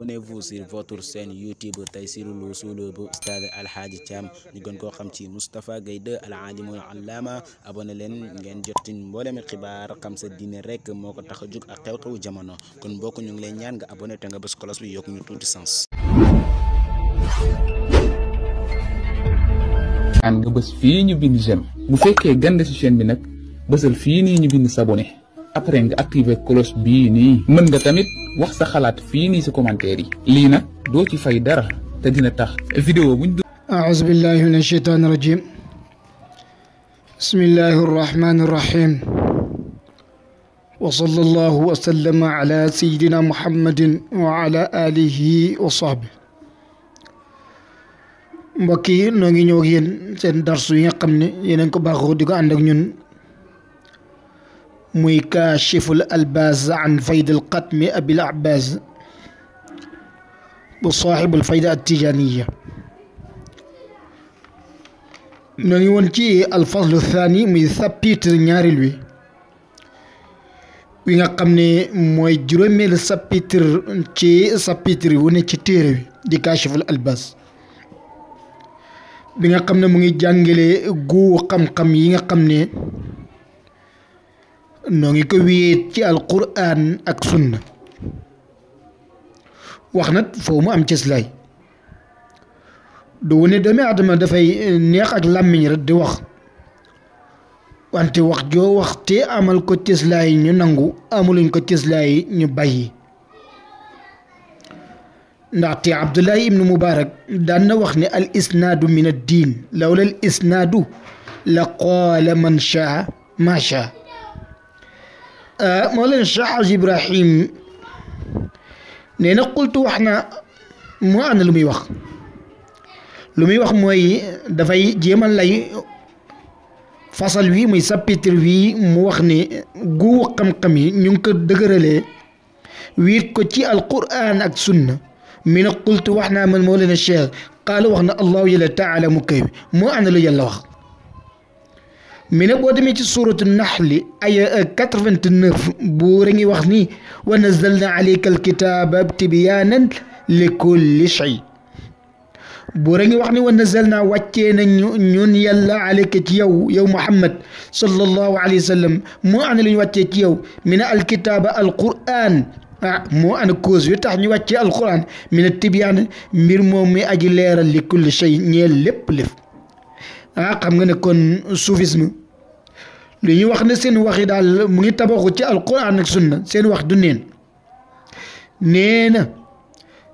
Abonnez-vous sur votre chaîne YouTube Taysiroul lousoulou bu stade Alhaji Thiam ñu gën koo xam ci Moustapha Gueye 2 al alimul allama abonné leen ngeen jotin mboolemi xibaar xam sa diine rek moo ko tax a jóg ak xew-xewu jamono kon mbokk ñu ngi lay ñaan nga abonné te nga bës cloche bi yokk ñu tuuti sens aan nga bëss fi ñu bind j'aime bu féké gënd ci chaîne bi nak bëssal fi ni ñu bind s'abonner après nga activer cloche bi ni mën nga tamit wax sa xalaat fii nii si commentaire yi lii nag doo ci fay dara te dina tax vidéo buñ du aouzu billahi min asheytaan rajim bismillahi arrahmani arrahim wa sallallahu wa sallama ala sayidina muhammadin wa ala alihi wa sahbihi mbokk yi noo ngi ñëw ak yéen seen darsu yi nga xam ne yéen ko baaxoo di ko ànd ak ñun ميكاشف الألباز عن فيد القتم أبي الأعباز وصاحب الفيدة التجانية نيوانتي الفصل الثاني من ثبيت النار لوي وين قمني موي جرومي لسبيتر تي سبيتر وني تي تيري دي كاشف الالباس بين قمنا موي جانغلي غو قم قم ييغا قمني noo ngi ko wéet ci alquraan ak sunna wax na foo mu am cëslaay du wane doomi aadama dafay neex ak làmmiñ rek di wax wante wax joo wax te amal ko cëslaay ñu nangu amuluñ ko cëslaay ñu bàyyi ndaxte abdullahi ibnu mubaarak daan na wax ne al isnaadu min ad diin lawla al isnaadu la qaala man shaa ma shaa آه، مولانا الشحاج ابراهيم نينا قلت احنا مو انا لومي واخ لومي واخ موي دا فاي جيمال لاي فصل وي موي سابيتر وي مو واخني غو قمقمي نيونك دغرالي وير كو تي القران اك سنه من قلت واحنا من مولانا الشيخ قال واخنا الله يلا تعالى مكيف مو انا لو يلا واخ من بعد ما سورة النحل آية 89 بورني وخني ونزلنا عليك الكتاب تبيانا لكل شيء بورني وخني ونزلنا وكينا نيون يلا عليك تيو يو محمد صلى الله عليه وسلم مو أنا اللي يو من الكتاب القرآن آه، مو أنا كوز يتح نوكي القرآن من التبيان مرمومي أجي ليرا لكل شيء نيل لب لف أقام آه، غنكون صوفيزمو lu ñuy wax ne seen wax yi daal mu ngi tabaxu ci alquran ak sunna seen wax du neen nee na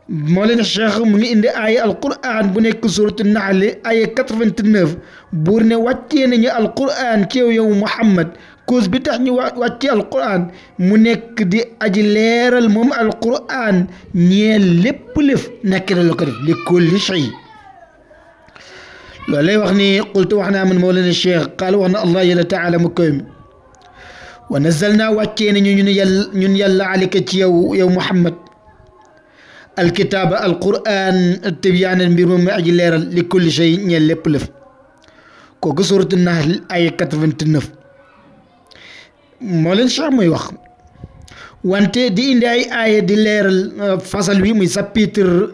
moo leen cheikh mu ngi indi aaya alquran bu nekk suratu nahl aaya 89 buur ne wàccee nañu alquran ci yow yow muhammad cause bi tax ñu wàccee alquran mu nekk di aji leeral moom alquran ñeel lépp lëf nekk la ko def li kulli shay لولي وخني قلت وحنا من مولانا الشيخ قال وانا الله يلا تعالى مكيم ونزلنا واتينا نين يلا عليك يو يا محمد الكتاب القرآن التبيان بيرم أجلير لكل شيء نيل لبلف كوك سورة النحل آية 89 مولانا الشيخ موي وخ وانت دي اندي اي آية دي ليرال فصل بي مي سابيتر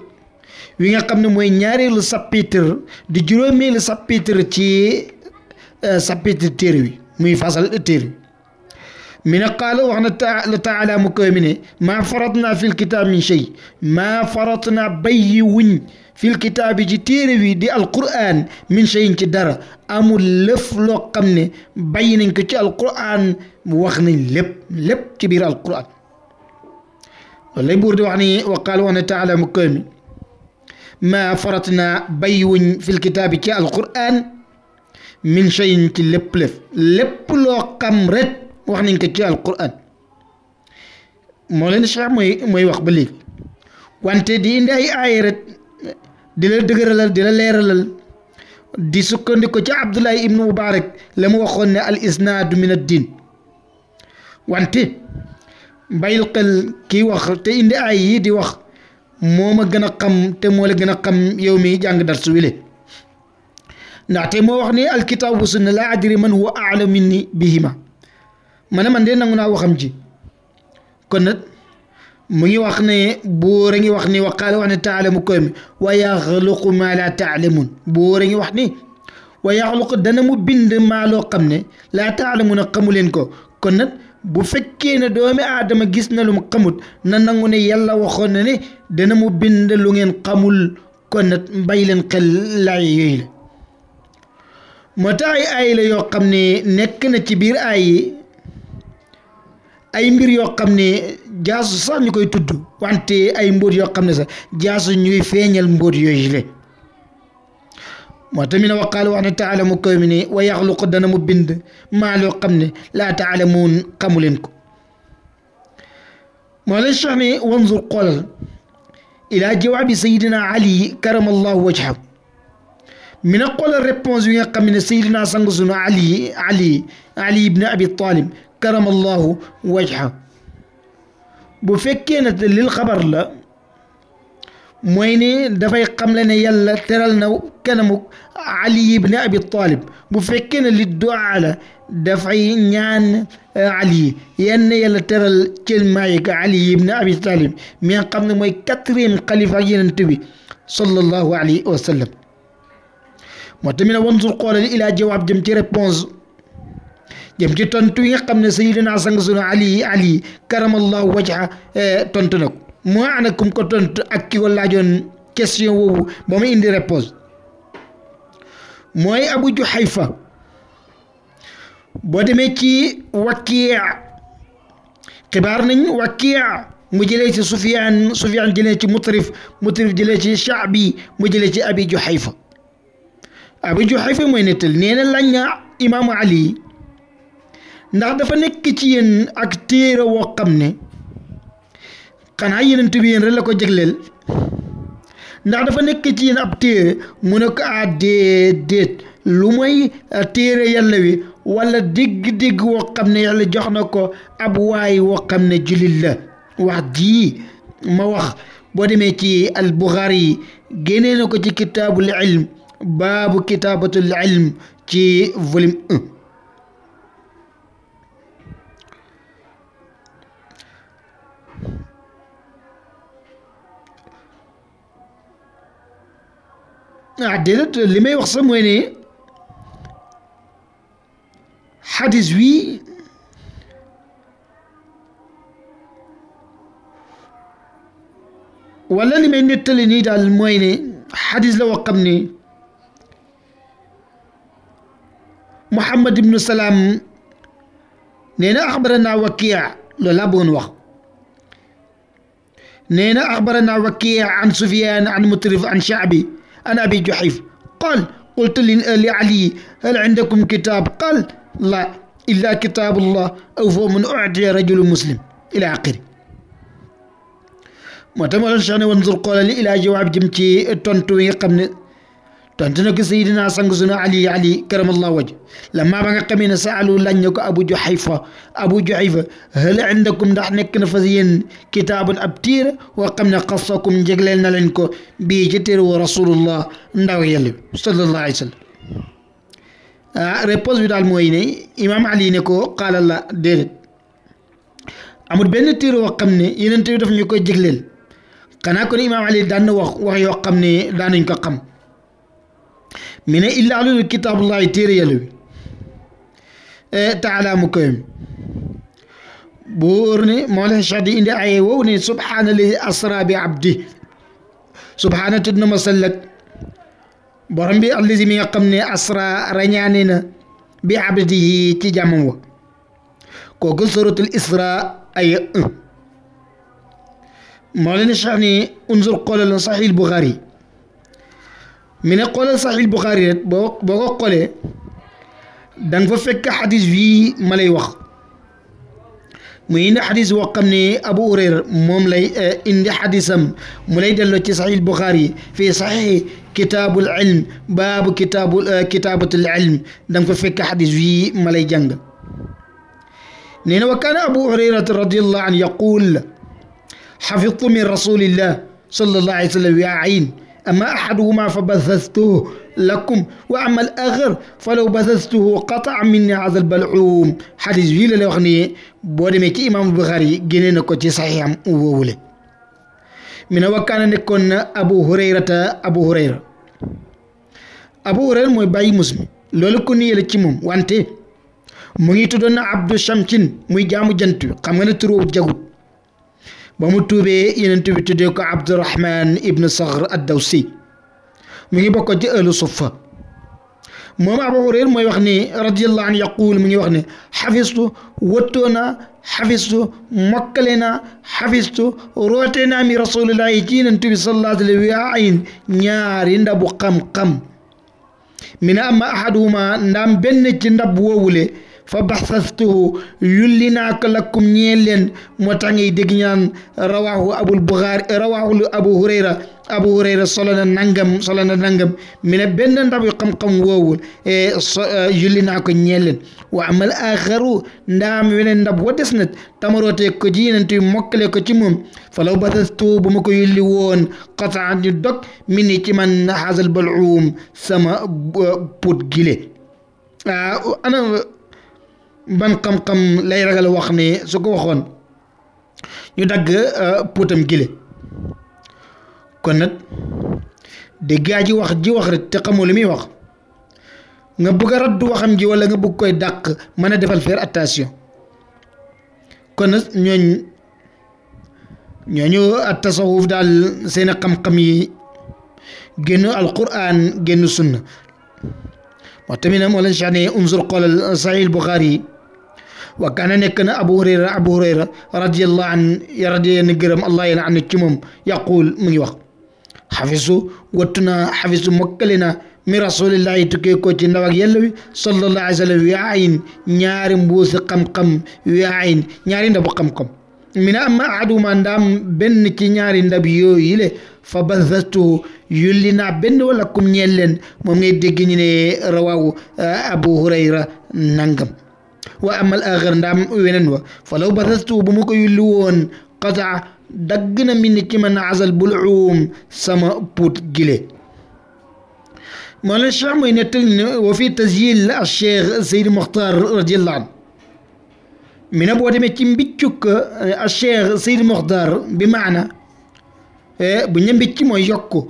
wi nga xam ne mooy ñaareelu chapitre di juróomeelu chapitre ci chapitre téere wi muy fasal téere wi mi ne qaala wax na taala taala mu koy mi ne maa farat naa fil kitaab min shay maa farat naa bayyi wuñ fil kitaab yi ci téere wi di alquran min shayin ci dara amul lëf loo xam ne bàyyi nañ ko ci alquran wax nañ lépp lépp ci biir alquran wallay buur di wax ni wa qaala wax na taala mu koy mi ما فرطنا بيون في الكتاب كي القرآن من شيء كي لب لف لب لو قم رد وحنين كي القرآن مولين الشيخ موي موي وقت بليك وانت دي اندي اي اي رد دي دي دي دي سكون دي كي عبد الله ابن مبارك لم وخون الاسناد من الدين وانت بيلقل كي وقت تي اندي اي دي وقت موما غنا خم تي مولا غنا خم يومي جانغ درس ويلي نعتي مو وخني الكتاب والسنه لا ادري من هو اعلم مني بهما من من دي نغنا وخم جي كون نات موغي وخني بورغي وخني وقال وخني تعلم كوم ويخلق ما لا تعلمون بورغي وخني ويخلق دنا مو بند ما لو خمني لا تعلمون قمولين كو كون نات bu fekkee ne doomi aadama gis na lu mu xamut na nangu ne yàlla waxoon na ne dana mu bind lu ngeen xamul kon mbay leen xel laay yooyu la moo tax ay aay yoo xam ne nekk na ci biir ay ay mbir yoo xam ne jaas sax ñu koy tudd wante ay mbóot yoo xam ne sax jaas ñuy feeñal mbóot yooyu la واتمنى وقالوا أن تعلم كومني ويغلق دنا مبند ما لو قمني لا تعلمون قملنكو معلش يعني وانظر قول إلى جواب سيدنا علي كرم الله وجهه من قول الريبونس يقم من سيدنا سنغزنا علي علي علي بن أبي طالب كرم الله وجهه بفكينة للخبر لا مويني دافاي دا فاي خامل ني يالا علي ابن ابي طالب بو فكين لي دعاء لا نيان آه، علي يان يالا تيرال تيل مايك علي ابن ابي طالب مي خامل موي 4 خليفه ينتبي صلى الله عليه وسلم ما تمنى قول الى جواب جم تي ريبونس جم تي سيدنا سانغ علي علي كرم الله وجهه آه، تونتو moo ana kum ko tontu ak question woowu ba mu indi réponse mooy Abu Juhayfa boo demee ci Wakiya xibaar nañ Wakiya mu jëlee ci Sufyaan Sufyaan jëlee ci Mutrif Mutrif jëlee ci Shaabi mu jëlee ci Abi Juhayfa Abi Juhayfa mooy nettal nee na lañ na imaamu Ali ndax dafa nekk ci yéen ak téere woo ne xanaa yenent bi yéen rek la ko jagleel ndax dafa nekk ci yéen ab téere mu ne ko a ah, déedéet lu mooy ah, téere yàlla wi walla dégg-dégg woo ne jox na ko ab waay woo xam ne jullit la wax ji ma wax boo demee ci al Buxaari yi génnee na ko ci kitaabul ilm baabu kitaabatul ilm ci volume عديت اللي ما يخصم ويني إيه؟ حد زوي ولا اللي ما ينتلني دا المويني حد لو وقمني محمد بن سلام نينا أخبرنا وكيع بون وقت نينا أخبرنا وكيع عن سفيان عن مترف عن شعبي عن أبي جحيف قال قلت لعلي هل عندكم كتاب قال لا إلا كتاب الله أو فمن أعطي رجل مسلم إلى آخره ما tax ma doon قال لي إلى جواب جمتي تنتوي قبل تنتنك سيدنا سنغزنا علي علي كرم الله وجه لما بقى قمين سألوا لنك أبو جحيفة أبو جحيفة هل عندكم دحنك نفذين كتاب أبتير وقمنا قصكم جغللنا لنك بيجتر ورسول الله نو يلب صلى الله عليه وسلم آه ريبوز بدا المويني إمام علي نكو قال الله ديرت أمود بين تير وقمني ينتبه دفن يكو جغلل قناكو إمام علي دان وخ دان ينكو قمني من إلا على كتاب الله تيري يلو إيه، تعالى مكيم بورني مولا شادي إن أيوني سبحان الله أسرى بعبده سبحان تدن مسلك برم بي الذي من يقمني أسرى رنيانين بعبده تجمعه كوكو سورة الإسراء أي مولا شاني انظر قول صحيح البخاري من قول صحيح البخاري بوكو قولي دان فك حديث في مالي وخ مين حديث وقمني ابو هرير مملي ان آه، حديثم مولاي دلو صحيح البخاري في صحيح كتاب العلم باب كتاب آه، كتابة العلم دان فك حديث في مالي جنگ نين وكان ابو هريرة رضي الله عنه يقول حفظت من رسول الله صلى الله عليه وسلم يا عين أما أحدهما فبثثته لكم وأما الآخر فلو بثثته قطع مني هذا البلعوم xadis bii la lay wax ni boo ci imaamu Buxaari génne na ko ci saxiixam woowule mi ne wakkaana nekkoon na Abu Hurayrata Abu Abu Hurayra mooy bàyyi Muslim loolu ko ni yële ci moom wante mu ngi tuddoon na Abdu Shamsin muy jaamu jant xam nga ne turóobu jagut ba mu tuubee yenent bi tuddee ko abdurahman ibn saxr addawsi mu ngi bokkoon ci ahlu suffa moom abu hurayra mooy wax ni radiallahu anhu yaquul mu ngi wax ne xafistu wëttoo naa xafistu mokkale naa xafistu rootee naa mi rasulillahi ci yenent bi sallallahu alayhi wa ayn ñaari ndabu xam-xam mi ne ama ahaduhuma ndaam benn ci ndab woowule fa baxastuhu yulli naa ko lakkum ñeel leen moo tax ngay dégg ñaan rawaahu abul buxaari rawaahu abu hurayra abu hurayra solo na nangam solo na nangam mi ne benn ndabu xam-xam woowul e, so e, yulli naa ko ñeel leen wa amal axaru ndaam weneen ndab wa des na tamarootee ko ci yenentu mokkale ko ci moom falaw baxastuhu bu ma ko yulli woon xataa ñu dog mi ni ci man xasal baluum sama e, put gile ah, ana ban xam-xam lay ragal wax ne su ko waxoon ñu dagg euh, puutam gile kon nag de gaa ji wax ji wax rek te xamoo li muy wax nga bugg a raddu waxam ji walla nga bugg koy dàq mën a defal faire attention kon nag ñooñ ñooñu tasawuf daal seen xam-xam yi génn alquran génn sunna moo tamit nag moo leen cheikh ne unzur xoolal sahih yi wa kaana nekk na abu hurayra abu hurayra radiallahu an radi na allah yàlla an ci moom yaquul mu ngi wax xafisu wattu naa xafisu mokkale naa mi rasulillahi tukkee ko ci ndaw ak yàlla wi sallallahu alayhi wi ayin ñaari mbuusi xam-xam wi ayin ñaari ndabu xam-xam mina amma ahaduma ndaam benn ci ñaari ndab yooyu le fa bazastuhu yulli naa benn wala kum ñeel leen moom ngay dégg abu hurayra nangam wa amal axar ndaam weneen wa falaw basastu bu ma ko yulli woon qataa dagg na mi ni ci man asal bul uum وفي تسجيل الشيخ سيد مختار رضي الله عنه من أبو دمتين بيتشوك آه، الشيخ سيد مختار بمعنى آه، بنيم بيتشي مو يوكو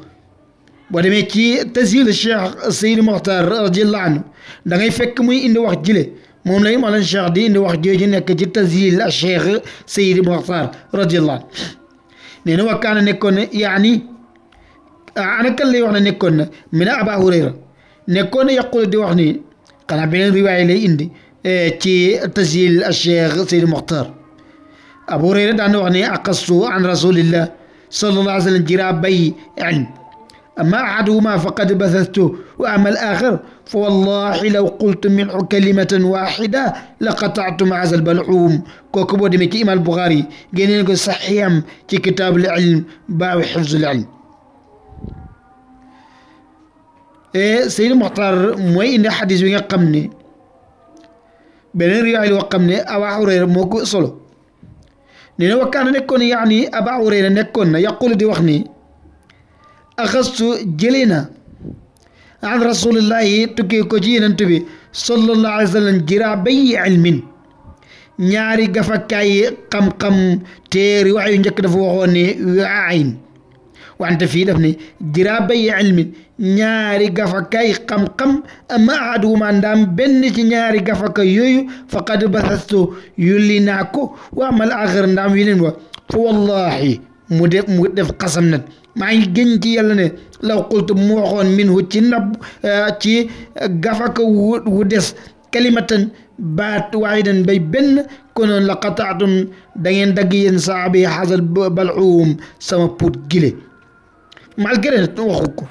ودمتي تسجيل الشيخ سيد مختار رضي الله عنه دا غي فك مي اندي واخ جلي موم لاي مالان شاغدي اندي واخ جيجي نيك جي تزيل الشيخ سيد مختار رضي الله نينا وكان نيكون يعني انا كان لي وخنا نيكون من ابا هريره نيكون يقول دي وخني قال بين روايه لي اندي تي إيه، تزيل الشيخ سيد مختار ابو هريره دا وخني اقصو عن رسول الله صلى الله عليه وسلم جرا بي علم يعني أما أحدهما فقد بثثته وأما الآخر فوالله لو قلت منه كلمة واحدة لقطعتم هذا البلعوم كوكبو دمكي إمام البخاري جنين صحيام في كتاب العلم باو حفظ العلم إيه سيد المختار موي إن حديث وين قمني بنين ريال وقمني أو حرير موكو صلو نينا وكان نكون يعني أبا حرير نكون يقول دي وخني axastu jëlee na an rasulillahi tukkee ko ci yenent bi sallallahu alayhi wa sallam jira bayi ilmin ñaari gafakaay xam-xam téeri wax yu njëkk dafa waxoon ne waayin wante fii daf ne jira bayi ilmin ñaari gafakaay xam-xam ama ahaduhuma ndaam benn ci ñaari gafaka yooyu faqad basastu yulli naa ko wa amal axar ndaam yeneen wa fa wallahi mu def mu def xasam nag maa ngi gën ci yàlla ne law qultu mu waxoon minhu ci ndab eh, ci gafaka wu wu des kalimatan baat waahidan bay benn konoon la qataatum da ngeen dagg yéen saabi xasal sama puut gile malgré waxu ko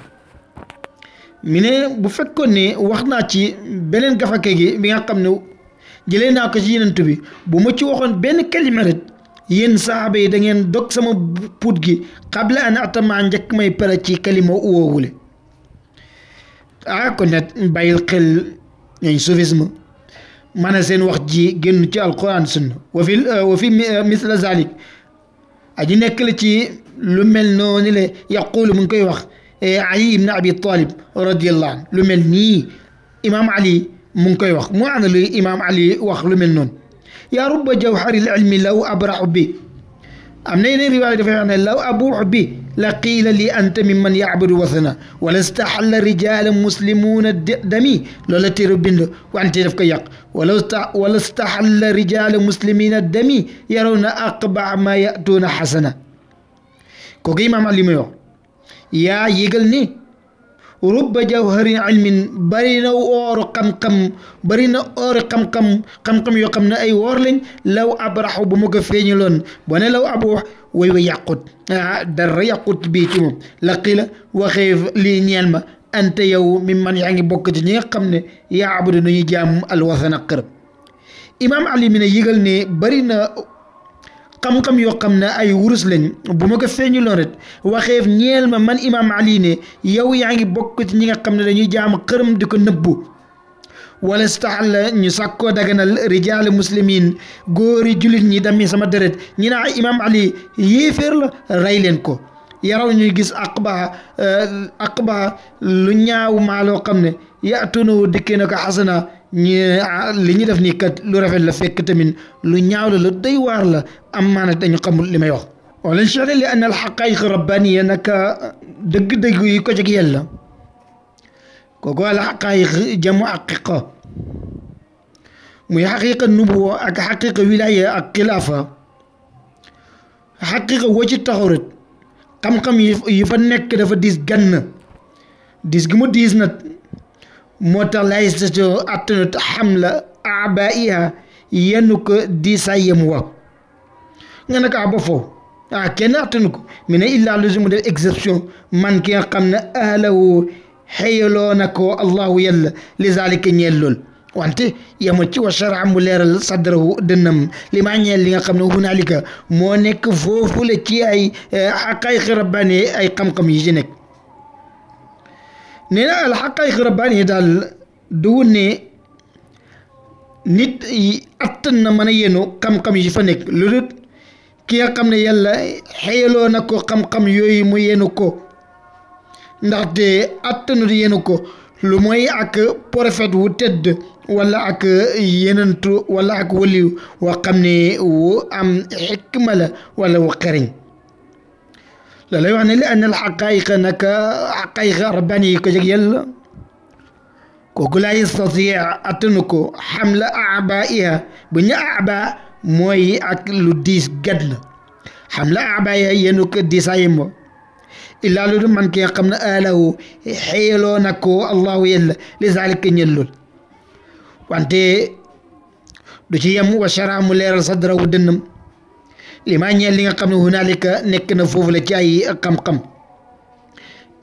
mi ne bu fekkoon ne wax naa ci beneen gafaka gi mi nga xam ne jëlee naa ko ci yenentu bi bu ma ci waxoon benn kalima yen saxaaba yi da ngeen dog sama put gi qabla an atama njëkk may pere ci kalima woowule a ko net bayil xel ñooñ soufisme maanaam sen wax ji génn ci alquran sunna wa fi wa fi misla zalik aji nek la ci lu mel noonu le yaqul mun koy wax e ali ibn abi talib radiyallahu lu mel ni imam ali mun koy wax mo ana lu imam ali wax lu mel noonu يا رب جوهر العلم لو أبرع به أمنين رواية فعلا لو أبوع به لقيل لي أنت ممن يعبد وثنا ولست حل رجال مسلمون دمي لولا تربين وأنت يفك يق ولست حل رجال مسلمين الدمي يرون أقبع ما يأتون حسنا كوكي ما معلمي يا يقلني rubba jawhari ilmin bari na ooru xam-xam bari na ooru xam-xam xam-xam yoo xam ne ay woor lañ law abraxu bu ma ko feeñaloon ba ne law ab wax way wa yàqut ah dara yàqut bii ci moom la qila waxee lii ñeel ma ante yow mi man yaa ngi bokk ci ñi nga xam ne yaa abudu nañu jaam alwasana xërëb imaam ali mi ne yëgal ne bari na xam-xam yoo xam ne ay wurus lañ bu ma ko feeñuloon ret waxeef ñeel ma man imaam ali ne yow yaa ngi bokk ci ñi nga xam ne dañuy jaam xërëm di ko nëbbu wala staxla ñu sàkkoo daganal rijaal muslimin góori julit ñi dami sama deret ñi naa ah, imaam ali yéeféer la rey leen ko yaraw ñuy gis aqbaa euh, aqbaa lu ñaaw maa loo xam ne yaatunawu dikkee na ko xasana ñi ah, li ñu def nii kat lu rafet la fekk tamit lu ñaaw la lu doy waar la am maana dañu xamul li may wax ولن شعر لأن الحقائق الربانية نكا دق دق يكوجك يلا كوكو الحقائق جمع حقيقة مي حقيقة النبوة أك حقيقة ولاية أك خلافة حقيقة وجه تخورت قم قم يفنك دفا ديس جنة ديس جمو ديس نت motax la yastatiru attanut hamla abaiha yanuko disa yemuwa ngana ka ba fo a kenn attanuko mine illa lusimu def exception man ki nga xam ne ahlahu xeyaloo na ko allahu yàlla li zalika ñeel lool wante yama ci wa shara mu leeral sadrahu dënnam li maa ñeel li nga xam ne hunalika moo nekk foofu la ci ay xaqayqi rabbani ay xam-xam yi ci nekk nee na alxaqaayiq rabbaani daal duwul ne nit yi attan na mën a yenu xam-xam yi fa nekk lu ki nga xam ne yàlla xeyaloo na ko xam-xam yooyu mu yenu ko ndaxte attanut yenu ko lu mooy ak prophète wu tëdd walla ak yenentu wala ak waliw wa xam ne wu am xikma la wala wu xariñ loolay wax ne li anna al xaqaayiqa naka xaqaayiqa arbani yi ko jeg yàlla kooku laa yastati attanu ko xamla aba iya bu ñu aba mooy ak lu diis gàtt la xamla aba iya yenu ko diisaayam ba illaa lu du man ki nga xam ne alahu xeeloo na ko allahu yàlla li zaalika ñëllul wante du ci yem wa shara mu leeral sadrawu dënnam li maa ñeel li nga xam ne hunaalika nekk na foofu la ci ay xam-xam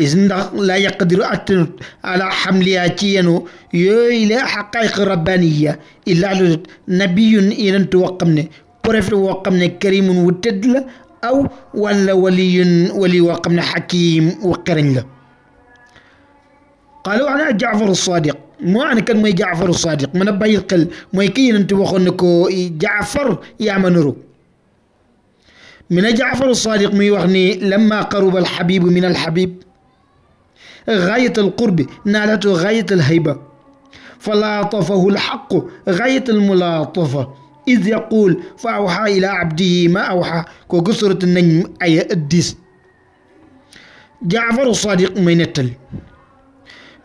is ndax laa yaqdiru attanut ala xamliya ci yenu yooyu la xaqaayiq rabbaniya illaa ludut nabiyun yenentu woo xam ne prophète woo xam ne karimun wu tëdd la aw wala waliyun wali woo xam ne xakim wu xereñ la qaalu ana jaafaru sadiq moo ana kan mooy jaafaru sadiq mën a bàyyi xel mooy ki yenentu waxoon ne ko jaafar yaa ma nuru من جعفر الصادق مي لما قرب الحبيب من الحبيب غاية القرب نالته غاية الهيبة فلاطفه الحق غاية الملاطفة إذ يقول فأوحى إلى عبده ما أوحى كقصرة النجم أي الديس جعفر الصادق من التل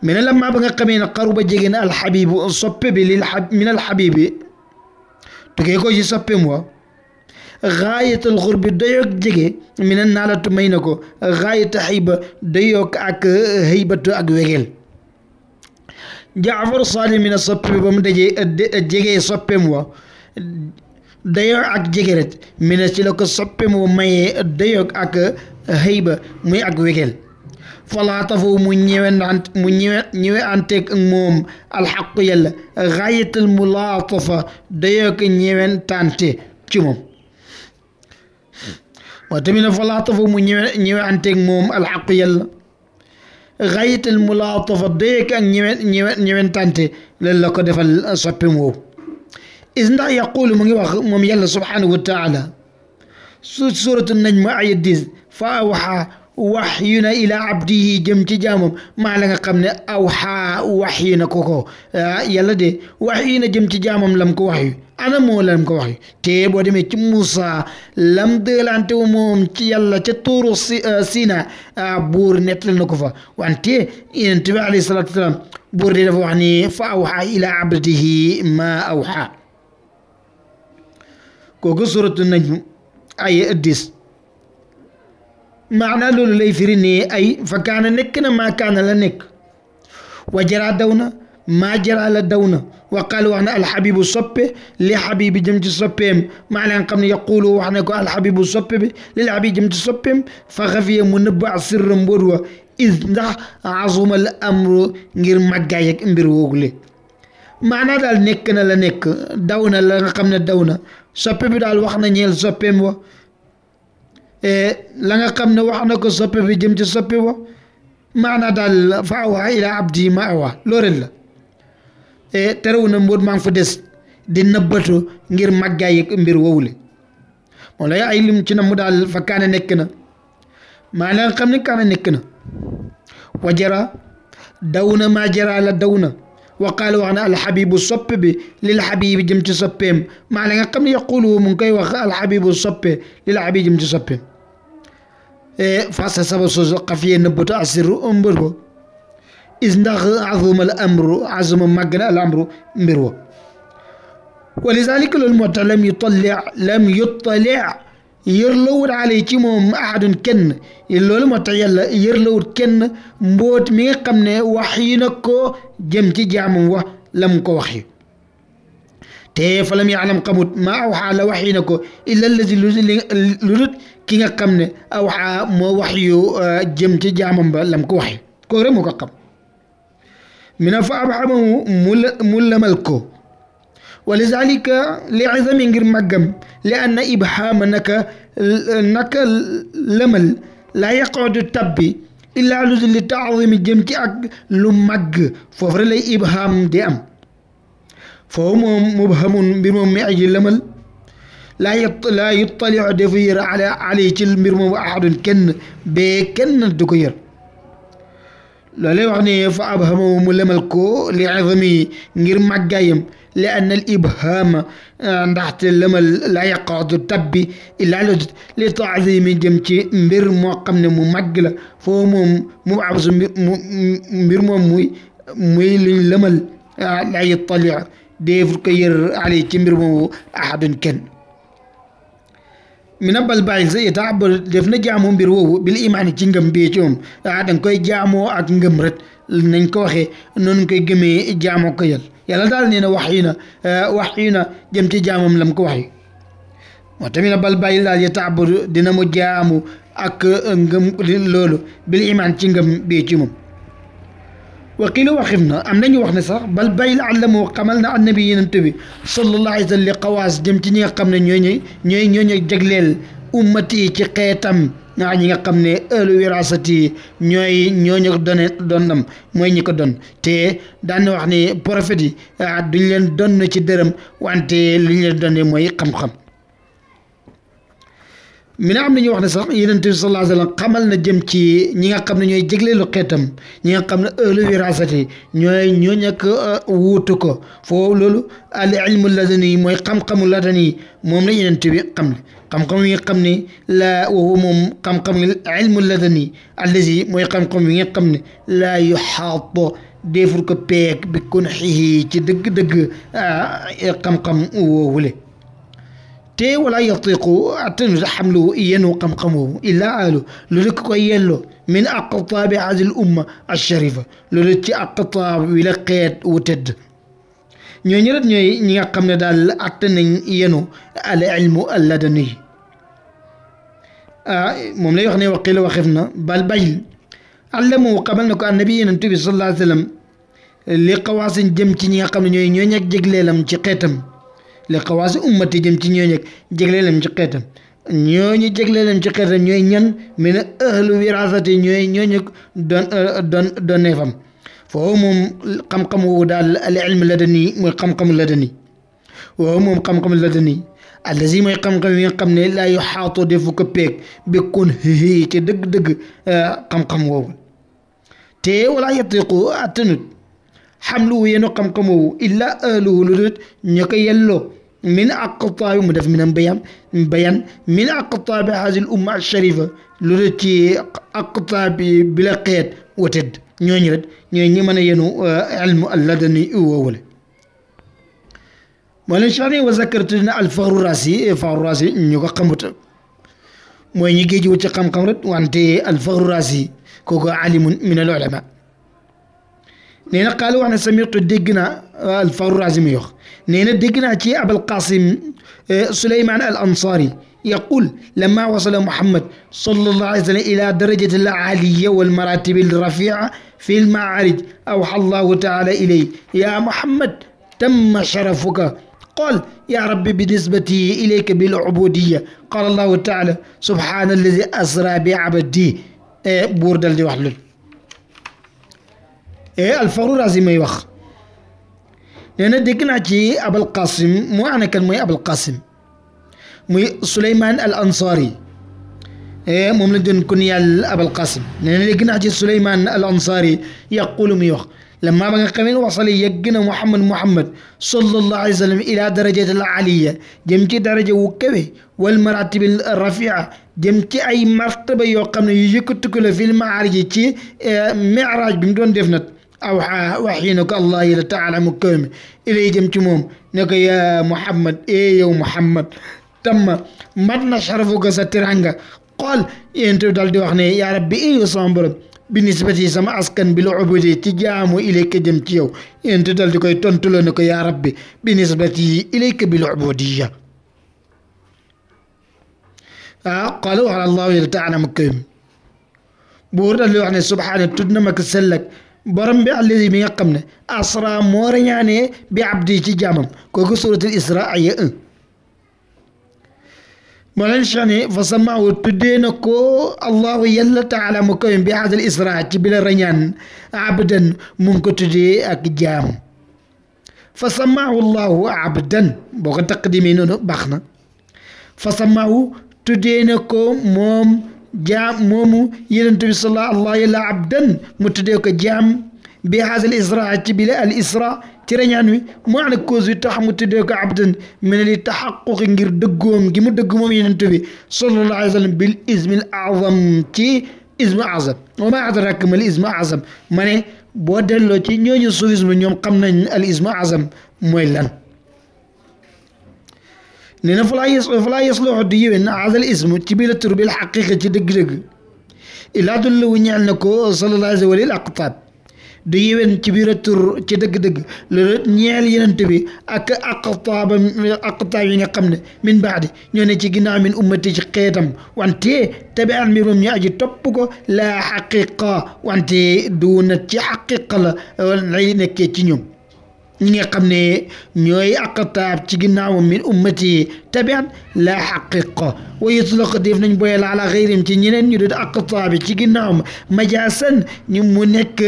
من لما بقى قمين قرب جيجن الحبيب صب من الحبيب تكيكو جي صبب موا غاية الغرب doyoog jege mi ne naalatu may na ko gaayata xayba doyoog ak haybatu ak wegel jaafaru saali mi ne soppe ba mu dajee jege soppeem wa dayoo ak jegeret mi ne ci la ko soppeem wa mayee doyoog ak hayba muy ak wegel falaatafu mu ñëwent mu ñëwe ñëwe anteeg moom alxaqu yàlla gaayatal mulaatafa dayoog ñëwentante ci moom وتمنى فلاطف مو نيو انتك موم الحق يلا غايت الملاطف ديك نيو نيو نيو تانتي للا قد مو إذن يقول من يوخ يلا سبحانه وتعالى سورة النجم آية ديز فأوحى وحينا إلى عبده جم تجامم ما لنا قمنا أوحى وحينا كوكو آه، يلا دي وحينا جم تجامم لم كوحي ana moo lam ko wax te boo demee ci Moussa lam dëlante wu moom ci yàlla ca tuuru euh, Sina ah, buur nettali na ko fa wante yonent bi alayhi salaatu wasalaam buur de dafa wax ni fa awxaa ilaa abdihi ma awxaa kooku suratu najm aya dix maanaa loolu lay firi ne ay fa kaana nekk na maa kaana la nekk wajara daw na ما جرى على الدونة وقال وانا الحبيب الصبي لحبيب جمج الصبيم ما علينا قمنا يقولوا وانا قال الحبيب الصبي للحبيب جمج الصبيم فخفي منبع سر بروا إذ نح عظم الأمر غير مجايك امبر وغلي معنا دال نكنا لنك دونة لنقمنا الدونة صبي بدال وحنا نيل صبيم و إيه، لا نقم نوح نكو صبي بجمج صبي و معنا دال إلى عبدي ما أوا لورلا te terewu na mbóot maa ngi fa des di nëbbatu ngir màggaay ak mbir wowule moom la ay lim ci na mu daal fa kaane nekk na maa la xam ne kaane nekk na wajara daw na maa jara la daw na waqaala wax na alxabibu soppe bi lil xabibi jëm ci soppeem maa la nga xam ne yaqulu mu ngi koy wax alxabibu soppe lil xabibi jëm ci soppeem eh, fasa saba soosu xaf yee nëbbatu asiru mbër ko إذا عظم الأمر عظم مجرى الأمر مروه ولذلك للمعطى لم يطلع لم يطلع يرلور على كيموم أحد كن يلو المعطى يلا يرلور كن موت مي قمنا وحينكو جمتي جامم لم كو وحي te يعلم lam ما xamut على awxaa إلا الذي لرد ko قمنا lazi ما وحيو ki nga xam ne awxaa moo من فاب حمو مل ملكو ولذلك لعظم غير مجم لأن إبحام نك نك لمل لا يقعد تبي إلا لزل لتعظم جمتي أك لمج ففر لي إبهام دي أم فهو مبهم بمم أجل لمل لا لا يطلع دفير على عليه تل مرمو أحد كن بكن دكير لولي وعني فأبهم ململكو لعظمي غير مجايم لأن الإبهام تحت آه، اللمل لا يقعد تبي إلا لجد لتعظيم جمتي مبير مقامن مو فهم مبعبز مو موي موي لمل آه، لا يطلع ديفر كير عليه تمبر أحد كن mina bal bàyyi sa itaabal def na jaamu mbir woowu bil imaani ci ngëm bii ci moom ah danga koy jaamoo ak ngëm rek nañ ko waxee noonu koy gëmee jaamoo ko ya yàlla daal nee na wax yi na wax yi na jëm ci jaamam lam ko waxee moo tamit na bal bàyyi daal itaabal dina mu jaamu ak ngëm loolu bil imaan ci ngëm bii ci moom. وقيل وخفنا ام نيو صح بل بايل علمو قملنا عن النبي ينتبي صلى الله عليه وسلم لقواس ديم تي نيو خمنا نيو ني امتي تي خيتام نا نيغا خمنا اول وراثتي نيو نيو ني دون دونم موي دون تي دان وخني بروفيت دي دون تي ديرم وانتي لي ني دوني موي خم mi ne am na ñu wax ne sax Yonent bi sallallahu alayhi wa sallam xamal na jëm ci ñi nga xam ne ñooy jégleelu xeetam ñi nga xam ne ahlu wirasati ñooy ñoo ñekk uh, wuutu ko foofu loolu al ilmu laduni mooy xam-xamu laduni moom la Yonent bi xam ne xam-xam yi nga xam ne laa wahu moom xam-xam ilmu laduni allazi mooy xam-xam yi nga xam ne laa yuxaatu deful ko peeg bi kon xixi ci dëgg-dëgg uh, xam-xam woowule تي ولا يطيق اعتن حمله إينه قمقمه إلا آله لذلك يلو من أقطاب هذه الأمة الشريفة لذلك أقطاب ولقيت وتد ñoo ñi rek ñooy ñi nga xam ne daal àtte nañ yenu al ilmu alladani ah moom lay wax ne waqila waxif na bal bayl allamu xamal na ko annabi yeneen tubi sallallahu alayhi wa sallam li xawaasin jëm ci ñi nga xam ne ñooy ñooñ ak jégleelam ci xeetam لقواس أمتي جم تنيونيك جغلي لم جقيتم نيوني جغلي لم جقيتم نيوني من أهل وراثة نيوني دون دون دون نفهم فهم قم قم ودال العلم لدني وقم قم لدني وهم قم قم لدني الذي ما يقم قم يقم لا يحاط دفك بيك بكون هي تدق دق آه، قم قم وول تي ولا يطيقوا اتنت حملو ينو قمقمو إلا آلو لدود نيقيلو من أقطاب مدف من بيان بيان من أقطاب هذه الأمة الشريفة لدود أقطاب بلا قيد وتد نيونيرد نيوني من ينو آه، علم اللدني أولي إيوه مولان شاني وذكرت لنا الفار الراسي فار الراسي نيو قمت موي ني جيجي وتي قمقم رد وانتي الفار الراسي كوكو علم من العلماء نينا قالوا انا سميت الفور آه، الفاروق عزميوخ نينا الدقنا تي ابو القاسم آه، سليمان الانصاري يقول لما وصل محمد صلى الله عليه وسلم إلى درجة العالية والمراتب الرفيعة في المعارج أوحى الله تعالى إليه يا محمد تم شرفك قال يا ربي بنسبتي إليك بالعبودية قال الله تعالى سبحان الذي أسرى بعبده آه، بورد وحلل إيه رازي ما يوخ لأن ديكنا جي أبو القاسم مو أنا كان مي أبو القاسم مي سليمان الأنصاري إيه مملدن كنيا أبو القاسم لأن ديكنا جي سليمان الأنصاري يقول ميوخ لما بقى قمين وصل يجنا محمد محمد صلى الله عليه وسلم إلى درجة العالية جمتي درجة وكبه والمراتب الرفيعة جمتي أي مرتبة يقمن يجي كتكول في المعارج إيه، معراج بمدون دفنت أوحى وحينك الله إلى تعالى مكوم إلى جمتموم نك يا محمد إيه يا محمد تم مدنا شرفك سترانك قال ينتو إيه دال دوخني يا ربي إيه يصنبر بالنسبة سما أسكن بالعبودية تجام إليك جمتيو ينتو إيه دال دوكي تنتلو نك يا ربي بالنسبة إليك بالعبودية آه، قالوا على الله إلى تعالى مكوم بورد اللي سبحانه تدنمك سلك borom bi alladi nga xam ne moo rañaanee bi abdi ci jaamam kooku suratul isra aya moo leen cheikh fa samaahu tuddee na ko allahu yàlla taala mu kawim bi hadal isra ci bi rañaan abdan mu ngi ko tuddee ak jaam fa samaahu allahu abdan boo ko taqdimee noonu baax na fa samaahu tuddee na ko moom جام مومو يلنتو صلى الله يلا عبدا متديوك جام بهذا الإسراء تبلا الإسراء تيرن يعني معنى كوزو تاح متديوك عبدا من اللي تحقق غير دغوم كي مو دغوم يلنتو صلى الله عليه وسلم بالاسم الاعظم تي إزم اعظم وما عاد ما الاسم اعظم ماني بودلو تي نيو نيو من يوم قمنا الاسم اعظم موي لان لأن فلا يصلح فلا يصلح ديوين هذا الاسم تبيل التربية الحقيقة دق إلا دل ونعلنكو صلى الله عليه وسلم الأقطاب ديوين تبيل التر تدق دق لنعل ينتبي أك أقطاب أقطاب يعني قمنا من بعد يعني تجينا من أمتي قيتم وانتي تبعا ميرم يأجي تبقو لا حقيقة وانتي دون تحقيق لا عينك تنيوم ñi nga xam ne ñooy aqtaab ci ginnaawam min ummati tabian laa xaqiqa wa yutlaq def nañ boyal ala xeyrim ci ñeneen ñu dut aqtaabi ci ginnaawam majaasan ñu mu nekk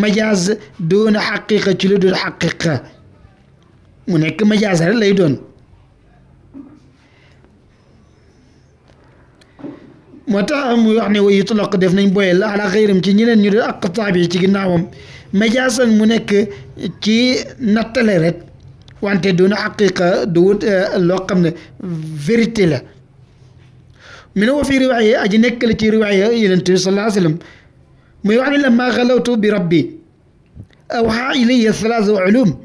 majaas doon xaqiqa ci lu dul xaqiqa mu nekk majaas rek lay doon moo tax muy wax ne wa yutlaq def nañ boyal ala xeyrim ci ñeneen ñu dut aqtaabi ci ginnaawam مجازن منك كي نتلرت وانت دون حقيقة دون آه، الوقم فيرتلا من هو في رواية أجنك لتي رواية إلى النبي صلى الله عليه وسلم ميوعني لما غلوت بربي أوحى إلي ثلاث علوم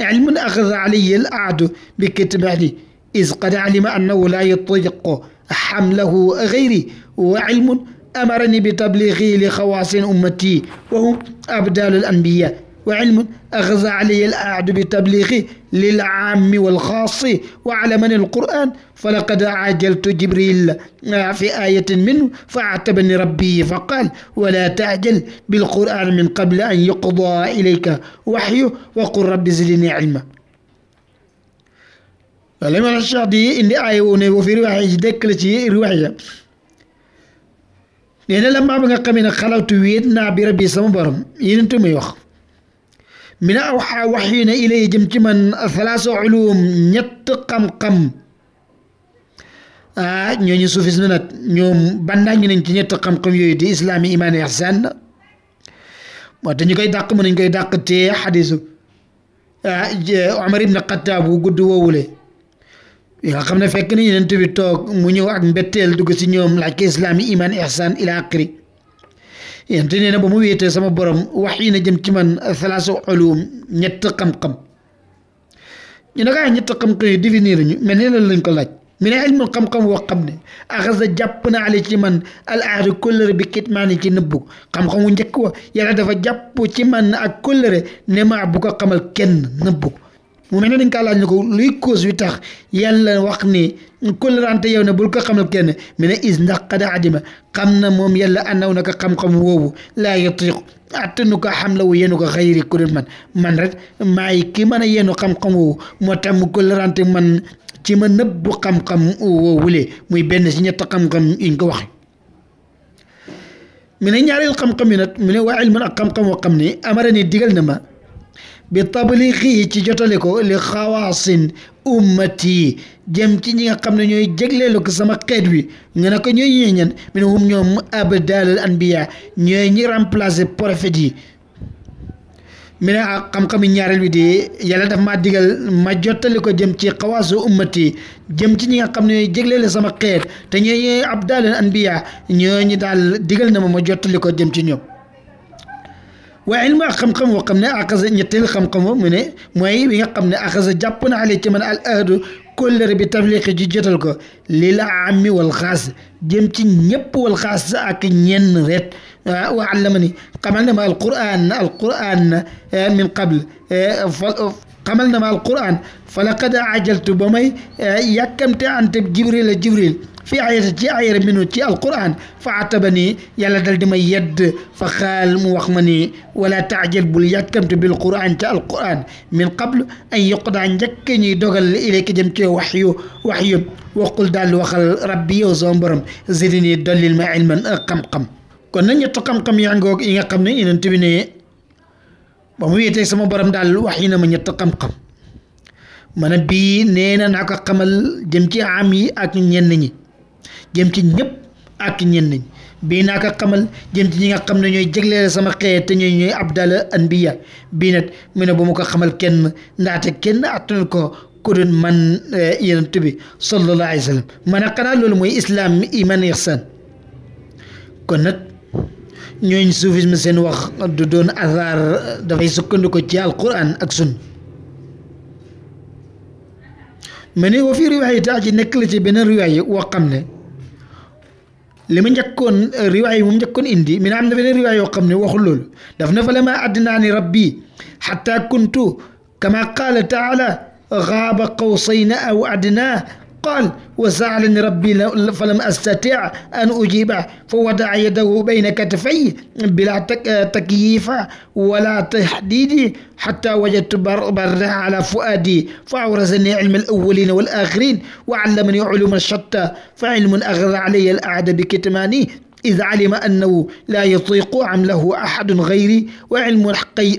علم أخذ علي الأعد بكتبه إذ قد علم أنه لا يطيق حمله غيري وعلم أمرني بتبليغه لخواص أمتي وهم أبدال الأنبياء وعلم أغزى علي الأعد بتبليغه للعام والخاص وعلى من القرآن فلقد عجلت جبريل في آية منه فعتبني ربي فقال ولا تعجل بالقرآن من قبل أن يقضى إليك وحيه وقل رب زدني علما فلما الشعبي آية إني آيوني وفي رواحي دكلتي رواحي nee na lammaa ba nga xamee ne xalawtu wéet naa bi rabbi sama borom yéen muy wax mi na aw xaa wax yi ne ilay jëm ci man salaasa ulum ñett xam-xam ah ñooñu suufis na nag ñoom bandaañu nañ ci ñett xam-xam yooyu di islaami imaan ihsaan moo tax ñu koy dàq mën nañ koy dàq te xadisu ah Omar ibn Xattaab wu gudd woowule yi nga xam ne fekk na yenent bi toog mu ñëw ak mbetteel dugg si ñoom laaj ko islaami iman ihsan ila akri yenent nee na ba mu wéetee sama borom wax yi na jëm ci man salaasa ulum ñett xam-xam ñu ne kaa ah, ñett xam-xam ñu mel ne lan lañ ko laaj mi a ilmul xam-xam woo xam ne axasa jàpp na ale ci man al ahdi kóllëre bi kitmaani ci nëbbu xam-xam wu njëkk wa yàlla dafa jàpp ci man ak kóllëre ne maa bu ko xamal kenn nëbbu mu mel ne dañ kaa laaj ne ko luy cause bi tax yàlla wax ni kullarante yow ne bul ko xamal kenn mi ne is ndax xada adima na moom yàlla annaw naka xam-xam woowu laa yatiq attanu ko xam la wu yenu ko xayri ku dul man man rek maay ki mën a yenu xam-xam woowu moo tax mu kullarante man ci ma nëbbu xam-xam woowule muy benn si ñett xam-xam yuñ ko waxe mi ne ñaareel xam-xam yi nag mi ne waa ilman ak xam ne amara ni digal na ma bi tabliixi ci jotale ko li xawaasin ummati jëm ci ñi nga xam ne ñooy jegleelu sama xeet wi nga ne ko ñooy ñeeñan min hum ñoom abdalal anbiya ñooy ñi remplacer prophètes yi mi ne ak xam-xami ñaareel bi di yàlla daf maa digal ma jottali ko jëm ci xawaasu jëm ci ñi nga xam ne ñooy jegleelu sama xeet te ñooy abdalal anbiya ñooñu daal digal na ma ma jottali ko jëm ci ñoom وعلم قمقم وقمنا أخز نتيل قمقم من ماي بيا قمنا أخز جابنا عليه كمان الأهل كل ربي تفليك جيجرلكو للا عمي والخاص جمتي نيب والخاص أكن ينرت آه، وعلمني قملنا مع القرآن القرآن آه، من قبل آه، قملنا مع القرآن فلقد عجلت بمي يكمت أنت بجبريل جبريل, جبريل في عيسى جاير منو تي القران فعتبني يلا دل دما يد فخال موخمني ولا تعجل بل يكمت بالقران تي القران من قبل ان يقضى نجكني دوغل اليك جم تي وحيو وحي وقل دال وخل ربي وزومبرم زدني دل ما علما أه، قم قم كون نيو تقم قم يانغوك ايغا خمني ان تبيني بامو يتي برم دال وحينا ما نيو قم من بي نينا نكو خمل جيمتي عامي اك نين ني jëm ci ñëpp ak ñenn ñi bii naa ko xamal jëm ci ñi nga xam ne ñooy jégleele sama xeet te ñooy ñooy abdala anbiya bii nag mu ne bu ma ko xamal kenn ndaate kenn attanul ko ku man eh, yonent bi sallallahu ay wa sallam man a loolu mooy islaam iman ihsan kon nag ñooñ soufisme seen wax du doon azar dafay sukkandiku ci alquran ak sun ma ne wa fi riwaaya nekk la ci beneen riwaaya woo ne لما نكون رواية مم نكون إندي من عم نبني رواية وقمني وخلول دفن فلما أدناني ربي حتى كنت كما قال تعالى غاب قوسين أو أدناه قال وسألني ربي فلم أستطع أن أجيبه فوضع يده بين كتفي بلا تكييف ولا تحديد حتى وجدت برها على فؤادي فأورزني علم الأولين والآخرين وعلمني علوم شتى فعلم أغرى علي الأعد بكتماني إذ علم أنه لا يطيق عمله أحد غيري وعلم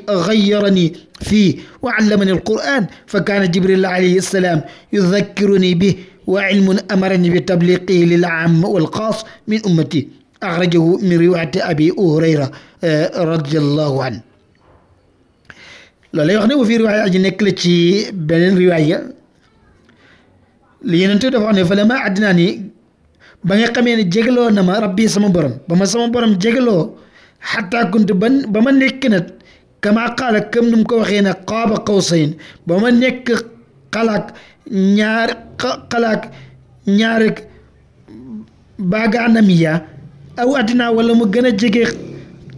غيرني فيه وعلمني القرآن فكان جبريل عليه السلام يذكرني به وعلم أمرني بتبليغه للعام والقاص من أمتي أخرجه من رواية أبي هريرة آه، رضي الله عنه لا يخنق في رواية جنك لتي بين رواية لين أنت دفعني فلما عدناني بني قمين جغلو نما ربي سما برم بما سما برم جغلو حتى كنت بن بما نكنت كما قال كم نمكو خينا قاب قوسين بما نك قلق ñaar xalaak ñaarek baagaanamiya aw adnaa wala mu gën a jege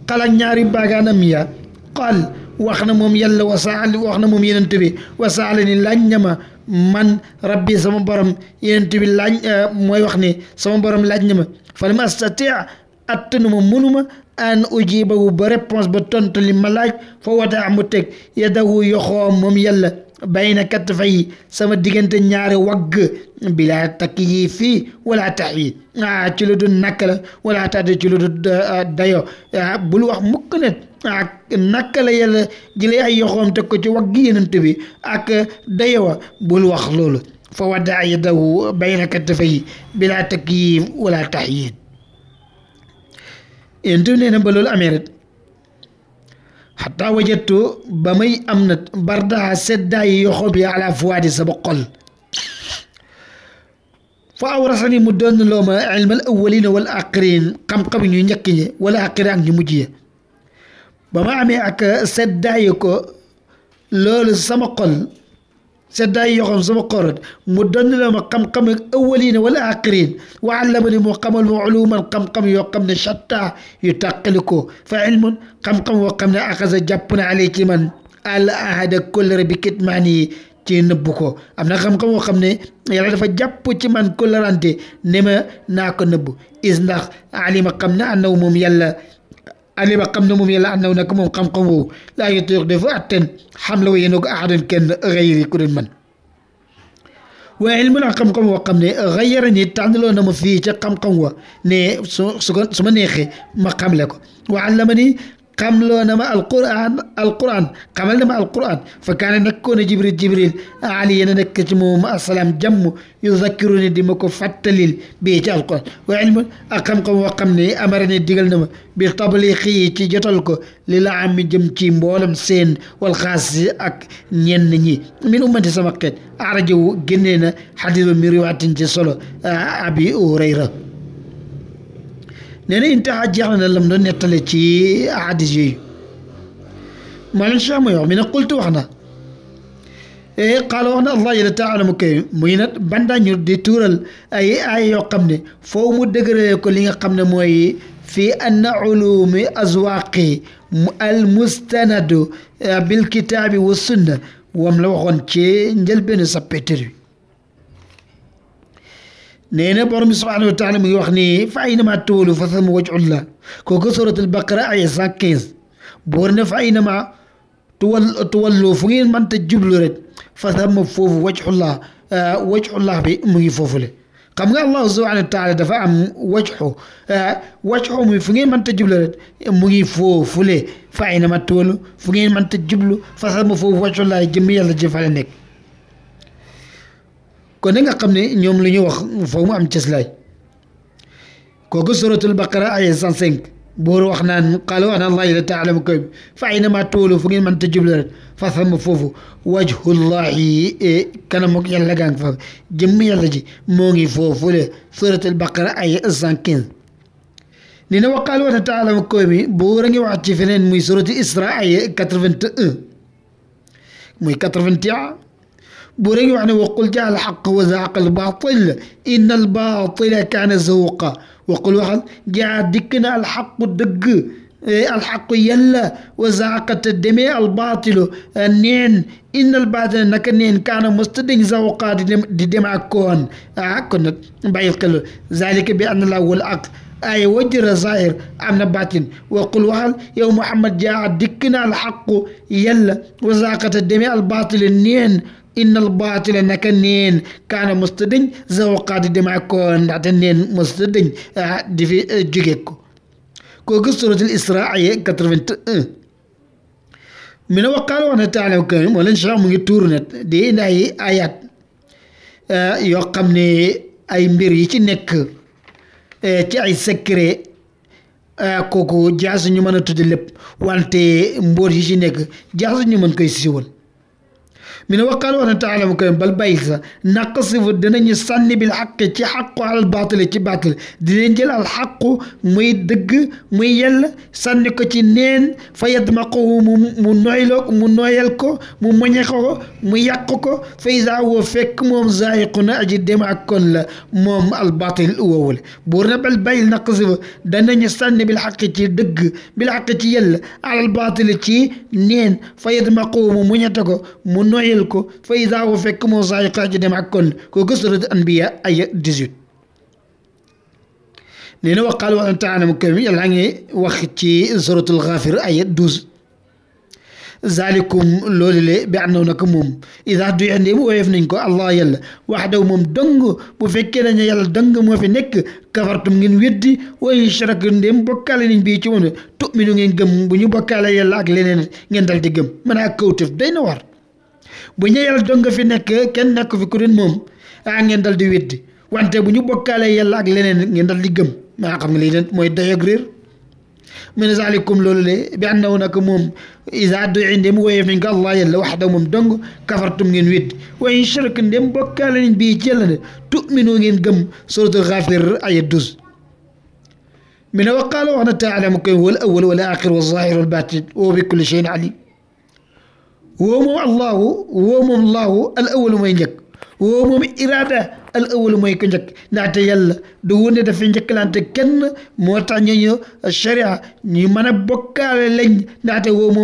xalaak ñaari baagaanamiya qaal wax na moom yàlla wasaal wax na moom yeneen tëbi wasaala ni laaj na ma man rabbi sama borom yeneen tëbi eh, mooy wax ne sama borom laaj na ma falam astatia attanuma munuma an ujibahu ba réponse ba li ma laaj fa wadaa mu teg yadahu yoxoom bayna katfay sama diggante ñaari wagg bila takyifi wala tahyid a ci lu du nakk la wala ci lu du dayo bul wax mukk ne ak nakka la yàlla ay yoxoom teg ko ci wagg yenant bi ak dayowa bul wax loolu fa waddaa yadahu bayna katfay bila takyif wala tahyid yenant bi nee na ba loolu amee حتى وجدت بمي أمنت بردها سداي يخبي على فؤادي سبقل فأورثني مدن لوما علم الأولين والآخرين قم قم ينكني ولا أقران يمجي بما أمي أك يكو لول سمقل سداي يغم زم قرد مدن لما قم قم أولين والآخرين وعلمني مقام وعلوما قم قم يقم شتى يتقلكو فعلم قم قم وقم أخذ جبنا عليك من ألا أحد كل ربكت ماني نبوكو أمنا قم قم وقم يلا دفا جب من كل رانتي نما ناكو نبو إذن علي مقامنا أنه مم اللي قم نمومي لأنه نكم قم قمو لا يطيق دفعت حمل وينوك أحد كان غيري كل من وعلم قم قم وقم غير ني تعدلو نمو في قم قم ني سمنيخي ما قم لك وعلمني xamloo na ma alquran alquran xamal na ma alquran fa kaane nekkoon jibril jibril ali yéen a nekk ci moom asalaam jàmm yu zakkiru ne di ma ko fàttalil bii ci alquran wa ilmun ak xam-xam woo xam ne amara ne digal na ma bi tabliqi yi ci jotal ko li la am jëm ci mboolam seen wal xaas ak ñenn ñi min ummati sama xeet arajo génnee na xadis ba mi riwaatin ci solo abi hurayra nee na intaha jeex na lam doon nettale ci hadis yooyu maanaam cheikh mooy wax mi ne qultu wax na eh, qaala wax na allah jalla taala mu koy muy nag bandaa ñu di tuural ay ay yoo xam ne foo mu dëgëralee ko li nga xam ne mooy fi anna ulumi azwaqi al mustanadu eh, bil kitaabi wa sunna wam la waxoon ci njëlbeenu sa pétér bi نينا برمي سبحانه وتعالى ميوخني فأينما تولو فثم وجه الله كوكو سورة البقرة آية ساكيز بورنا فأينما تول تولو فين من تجبل رد فثم فوف وجه الله آه وجه الله بي ميفوف لي قمنا الله سبحانه وتعالى دفع وجهه آه وجهه مفين من تجبل رد ميفوف لي فأينما تولو فين من تجبل فثم فوف وجه الله جميع الجفال نك kon da nga xam ne ñoom lu ñu wax foofu mu am cëslaay kooku suratul baqara ay cent cinq buur wax naan qaala wax naan allaahi la taalamu koy fa ma tuulu fu ngeen mën ta jublu fa sama foofu wajhullahi e, kanamuk kanamu gaa ngi fa jëmm yàlla ji moo ngi foofu le suratul baqara ay cent quinze nee na waqaal wax na taalamu koy mi buur a ngi wax ci feneen muy suratul isra ay quatre-vingt-un muy quatre vingt بريو يعني وقل جاء الحق وزعق الباطل إن الباطل كان زوقا وقل واحد جاء دكنا الحق الدق إيه، الحق يلا وزعقت الدماء الباطل النين إن الباطل النين كان مستدين زوقا دماء كون آه كنت بايل ذلك بأن الأول أقل أي وجر ظاهر أمن باطن وقل وهل يا محمد جاء دكنا الحق يلا وزعقت الدماء الباطل النين innal baatila naka neen kaana mësta dëñ zawqaati dem ak ko ndaxte neen mësta dëñ ah, di fi eh, jóge ko kooku suratul isra aye 81 mi ne waqaala wax ne taalaw ka moo leen cheikh mu ngi tuur net di indi ay ayat eh, yoo xam ne ay mbir yi ci nekk eh, ci ay secret kooku jaas ñu mën a tudde lépp wante mbóot yi ci nekk jaas ñu mën koy siiwal mi na waa wax na taalamu koy bal bàyyi sa naqasifu dinañu sànni bil xaq ci xaqu alal baatale ci baatal dinañ jël al xaqu muy dëgg muy yell sànni ko ci neen fa yadmaqahu mu mu noyloo mu noyal ko mu moñe ko mu yàq ko fa iza huwa fekk dem ak kon la moom al baatil woowule buur na bal bàyyi naqasifu danañu sànni bil ci dëgg bil ci yell alal baatale ci neen fa yadmaqahu ko doyul ko fa isaahu fekk moo saayu xaaju dem ak kon ko kasrat anbiya aya 18 nee na waqaal wa taala mu kam yàlla ngi wax ci suratul xaafir aya 12 zalikum loolu le bi annaw naka moom nañ ko allah yàlla waxdaw moom dong bu fekkee nañu yàlla dong moo fi nekk kafartum ngeen weddi way sharak ndéem bokkaale nañ bii ci moom ngeen gëm bu ñu bokkaale yàlla ak leneen ngeen dal di gëm mën a kawtef day na war bu ñu yàlla dong nga fi nekk kenn nekk fi ku dul moom ah ngeen dal di weddi wante bu ñu bokkaalee yàlla ak leneen ngeen dal di gëm maa xam nga lii nag mooy doyog réer mu ne zaalikum loolu le bi annahu nag moom isa addu ndem wooyee fi nga allah yàlla wax da moom dong kafartum ngeen weddi wa in shirk ndem bokkaale nañ bii ci yàlla ne tu'minu ngeen gëm suratul xaafir aya douze من وقال وانا تعالى مكين هو الاول والاخر والظاهر والباطن وهو بكل شيء عليم ومو الله ومو الله الاول ما يجك ومو إرادة الاول ما يكنجك نعت يلا دون دا في نجك لانت كن موتا نيو الشريعة ني مانا بوكا لين نعت ومو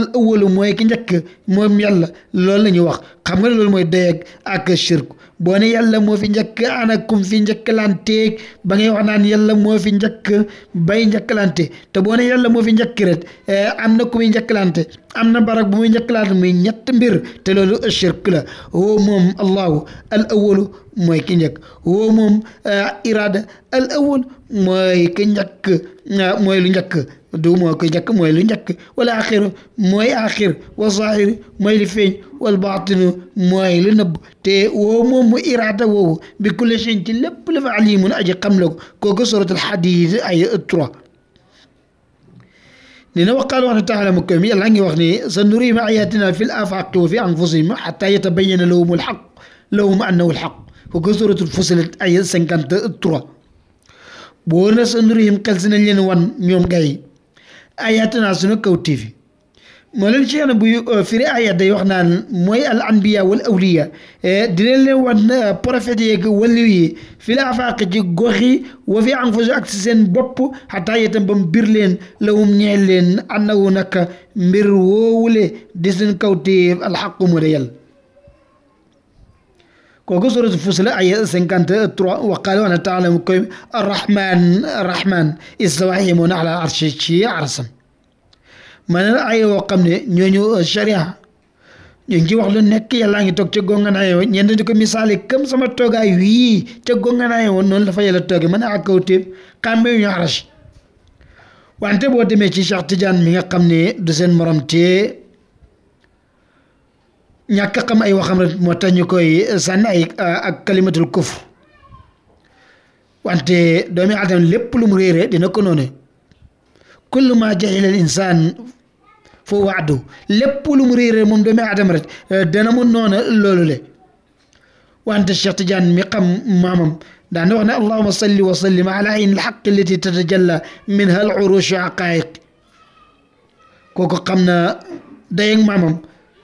الاول ما يكنجك موم يلا لول نيو وخ خمال لول ما يديك اك الشرك boo ne yàlla moo fi njakk ana kum fi njëkkalanteeg ba ngay wax yalla yàlla moo fi njakk bay njëkkalante te boo ne yàlla moo fi njëkk rek eh, am na ku muy njëkkalante am na barab bu muy njëkkalante muy ñett mbir te loolu shirk la woo moom allahu al mooy ki njëkk woo moom eh, irada al mooy ki njëkk eh, mooy lu njëkk du moo ko njëkk mooy lu njëkk wala axiru mooy axir wa zahir mooy li feeñ wal baatinu mooy lu nëbb te woo moom mu iraada woowu bi kulli seen ci lépp la fa alimun aji xam la ko kooku suratul xadiid ay trois لأنه وقال الله تعالى مكم يلا نجي وخني سنريهم آياتنا في الآفاق وفي أنفسهم حتى يتبين لهم الحق لهم أنه الحق وكسورة الفصلت آية سنكانت الترى بونا سنريهم قلسنا لنا وان يوم جاي ayatuna sunu kaw TV moo leen ci yoon buy firi aya day wax naan mooy al anbiya wal awliya dina leen wan prophète yeeg waliyu yi fi la afaaq ci gox yi wa fi anfusu ak si seen bopp xataa itam ba mu bir leen lawum ñeel leen annawu nag mbir woowule di suñ kawtéef alxaqu mu réyal كوكسورة فصلة أي سنكان تترو وقالوا أنا تعلم كيم الرحمن الرحمن إسلوحي من على عرشي شي عرسا من أي وقمني نيونيو الشريعة ينجي وقلو نكي يلا نجي توك تقوم أنا ينجي توك مثالي كم سما توك أي وي تقوم أنا ونون لفايا لتوك من أكو تيب كم بيو عرش وانتبو دمي شي شاق تجان ميقمني دوسين مرمتي ñàkk xam ay waxam rek moo tax ñu koy sànni ay ak kalimatul kufr wante doomi aadama lépp lu mu réere dina ko noone kullu ma jahila al insaan foo waadu lépp lu mu réere moom doomi aadama rek dana mu noona loolu le wante Cheikh Tidiane mi xam maamam daana wax ne allahuma salli wa sallim ala ayn alxaq allati tatajalla minha al urushu aqaiq kooku xam na dayeg maamam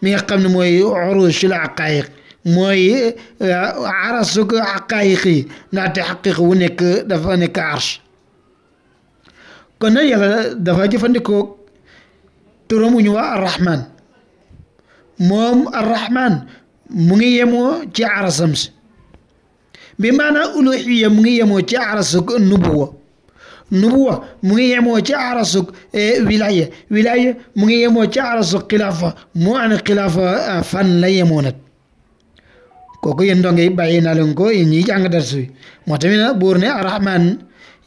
mi nga xam ne mooy uruusul aqaayiq mooy eh, arasug aqaayiq yi ndaxte xaqiq wu nekk dafa nekk arsh kon nag yàlla dafa jëfandikoo turam wu ñu waa arrahman moom arrahman mu ngi yemoo ci arasam maanaam uluhiya mu ngi yemoo ci arasug nubuwa نبوة مغيه موجة عرسك ولاية ولاية مغيه موجة عرسك قلافة موعن قلافة آه، فن لاية مونت كوكو يندون جيب باينا لنكو يني جانغ درسوي موتمينا بورني الرحمن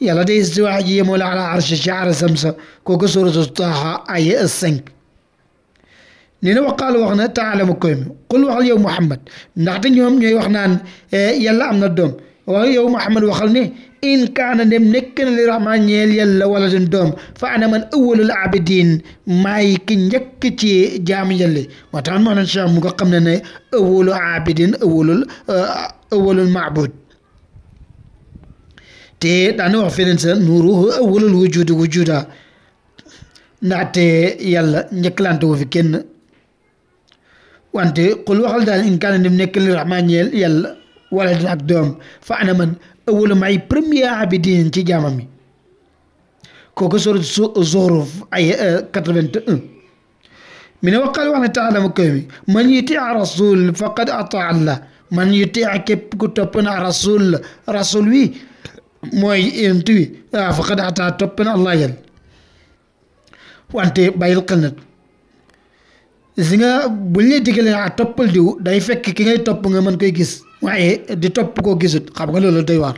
يلا دي يجي يمول على عرش شعر سمسا كوكو سورة الطاها آية السنك نينا وقال وقنا تعلم كويم قل وقال يوم محمد نحن يوم نيوخنان آه، يلا أمنا الدوم وقال يوم محمد وقالني إن كان نم نكن للرحمن يلا ولد دوم فأنا من أول العابدين ماي كن يكتي جام يلي وطبعا ما نشام مقامنا أول عابدين أول أول المعبود te daana wax feneen sa nuuruhu awwalul wujudi wujuda ndaxte yàlla njëkkalante wu fi kenn wante qul waxal daal in kaana nim nekk li raxmaan ñeel yàlla wala din ak doom fa ana man أول ما هي برمية عبدين كي جامامي كوكو سورة الزخرف أي 81 من وقال وانا تعالى مكيمي من يطيع رسول فقد أطاع الله من يطيع كيب كتبنا رسول رسول وي موي انتوي فقد أطاع تبنا الله يل وانت بايل قنات si nga buñ lay digalee a ah toppal diw day fekk ki ngay topp nga mën koy gis waaye di topp koo gisut xam nga loolu day waar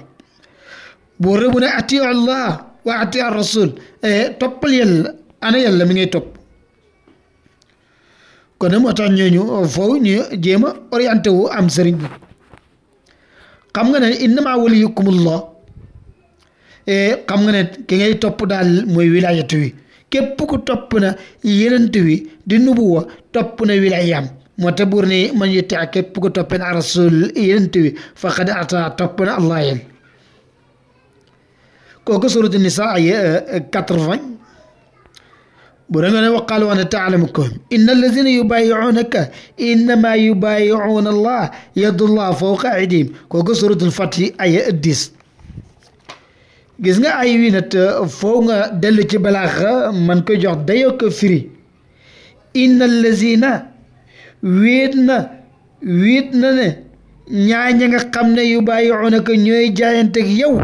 boo rëbu ne atiu allah wa atiu rasul eh, toppal yàlla ana yàlla mi ngay topp kon nag moo tax ñooñu oh, ñu jéem a orienté wu am sëriñ bi xam nga ne innama waliyukumullah eh, xam nga ne ki ngay topp daal mooy wilaayatu wi képp ku topp na yonent wi di nubuwa topp na wilayaam moo tax buur ne man yitte ak képp ku topp na rasul yonent wi faqad ata topp na allah yéen kooku surat nisa ay quatre-vingts برمنا وقال وانا تعلمكم ان الذين يبايعونك انما يبايعون الله يد الله فوق ايديهم كوكو سوره الفتح ايه 10 gis nga ay winat euh, foo nga dellu ci balaax man koy jox dayoo firi inna lazina wéet na wéet na ne ñaaña nga xam ne yu bàyyi ona ko ñooy jaayante ak yow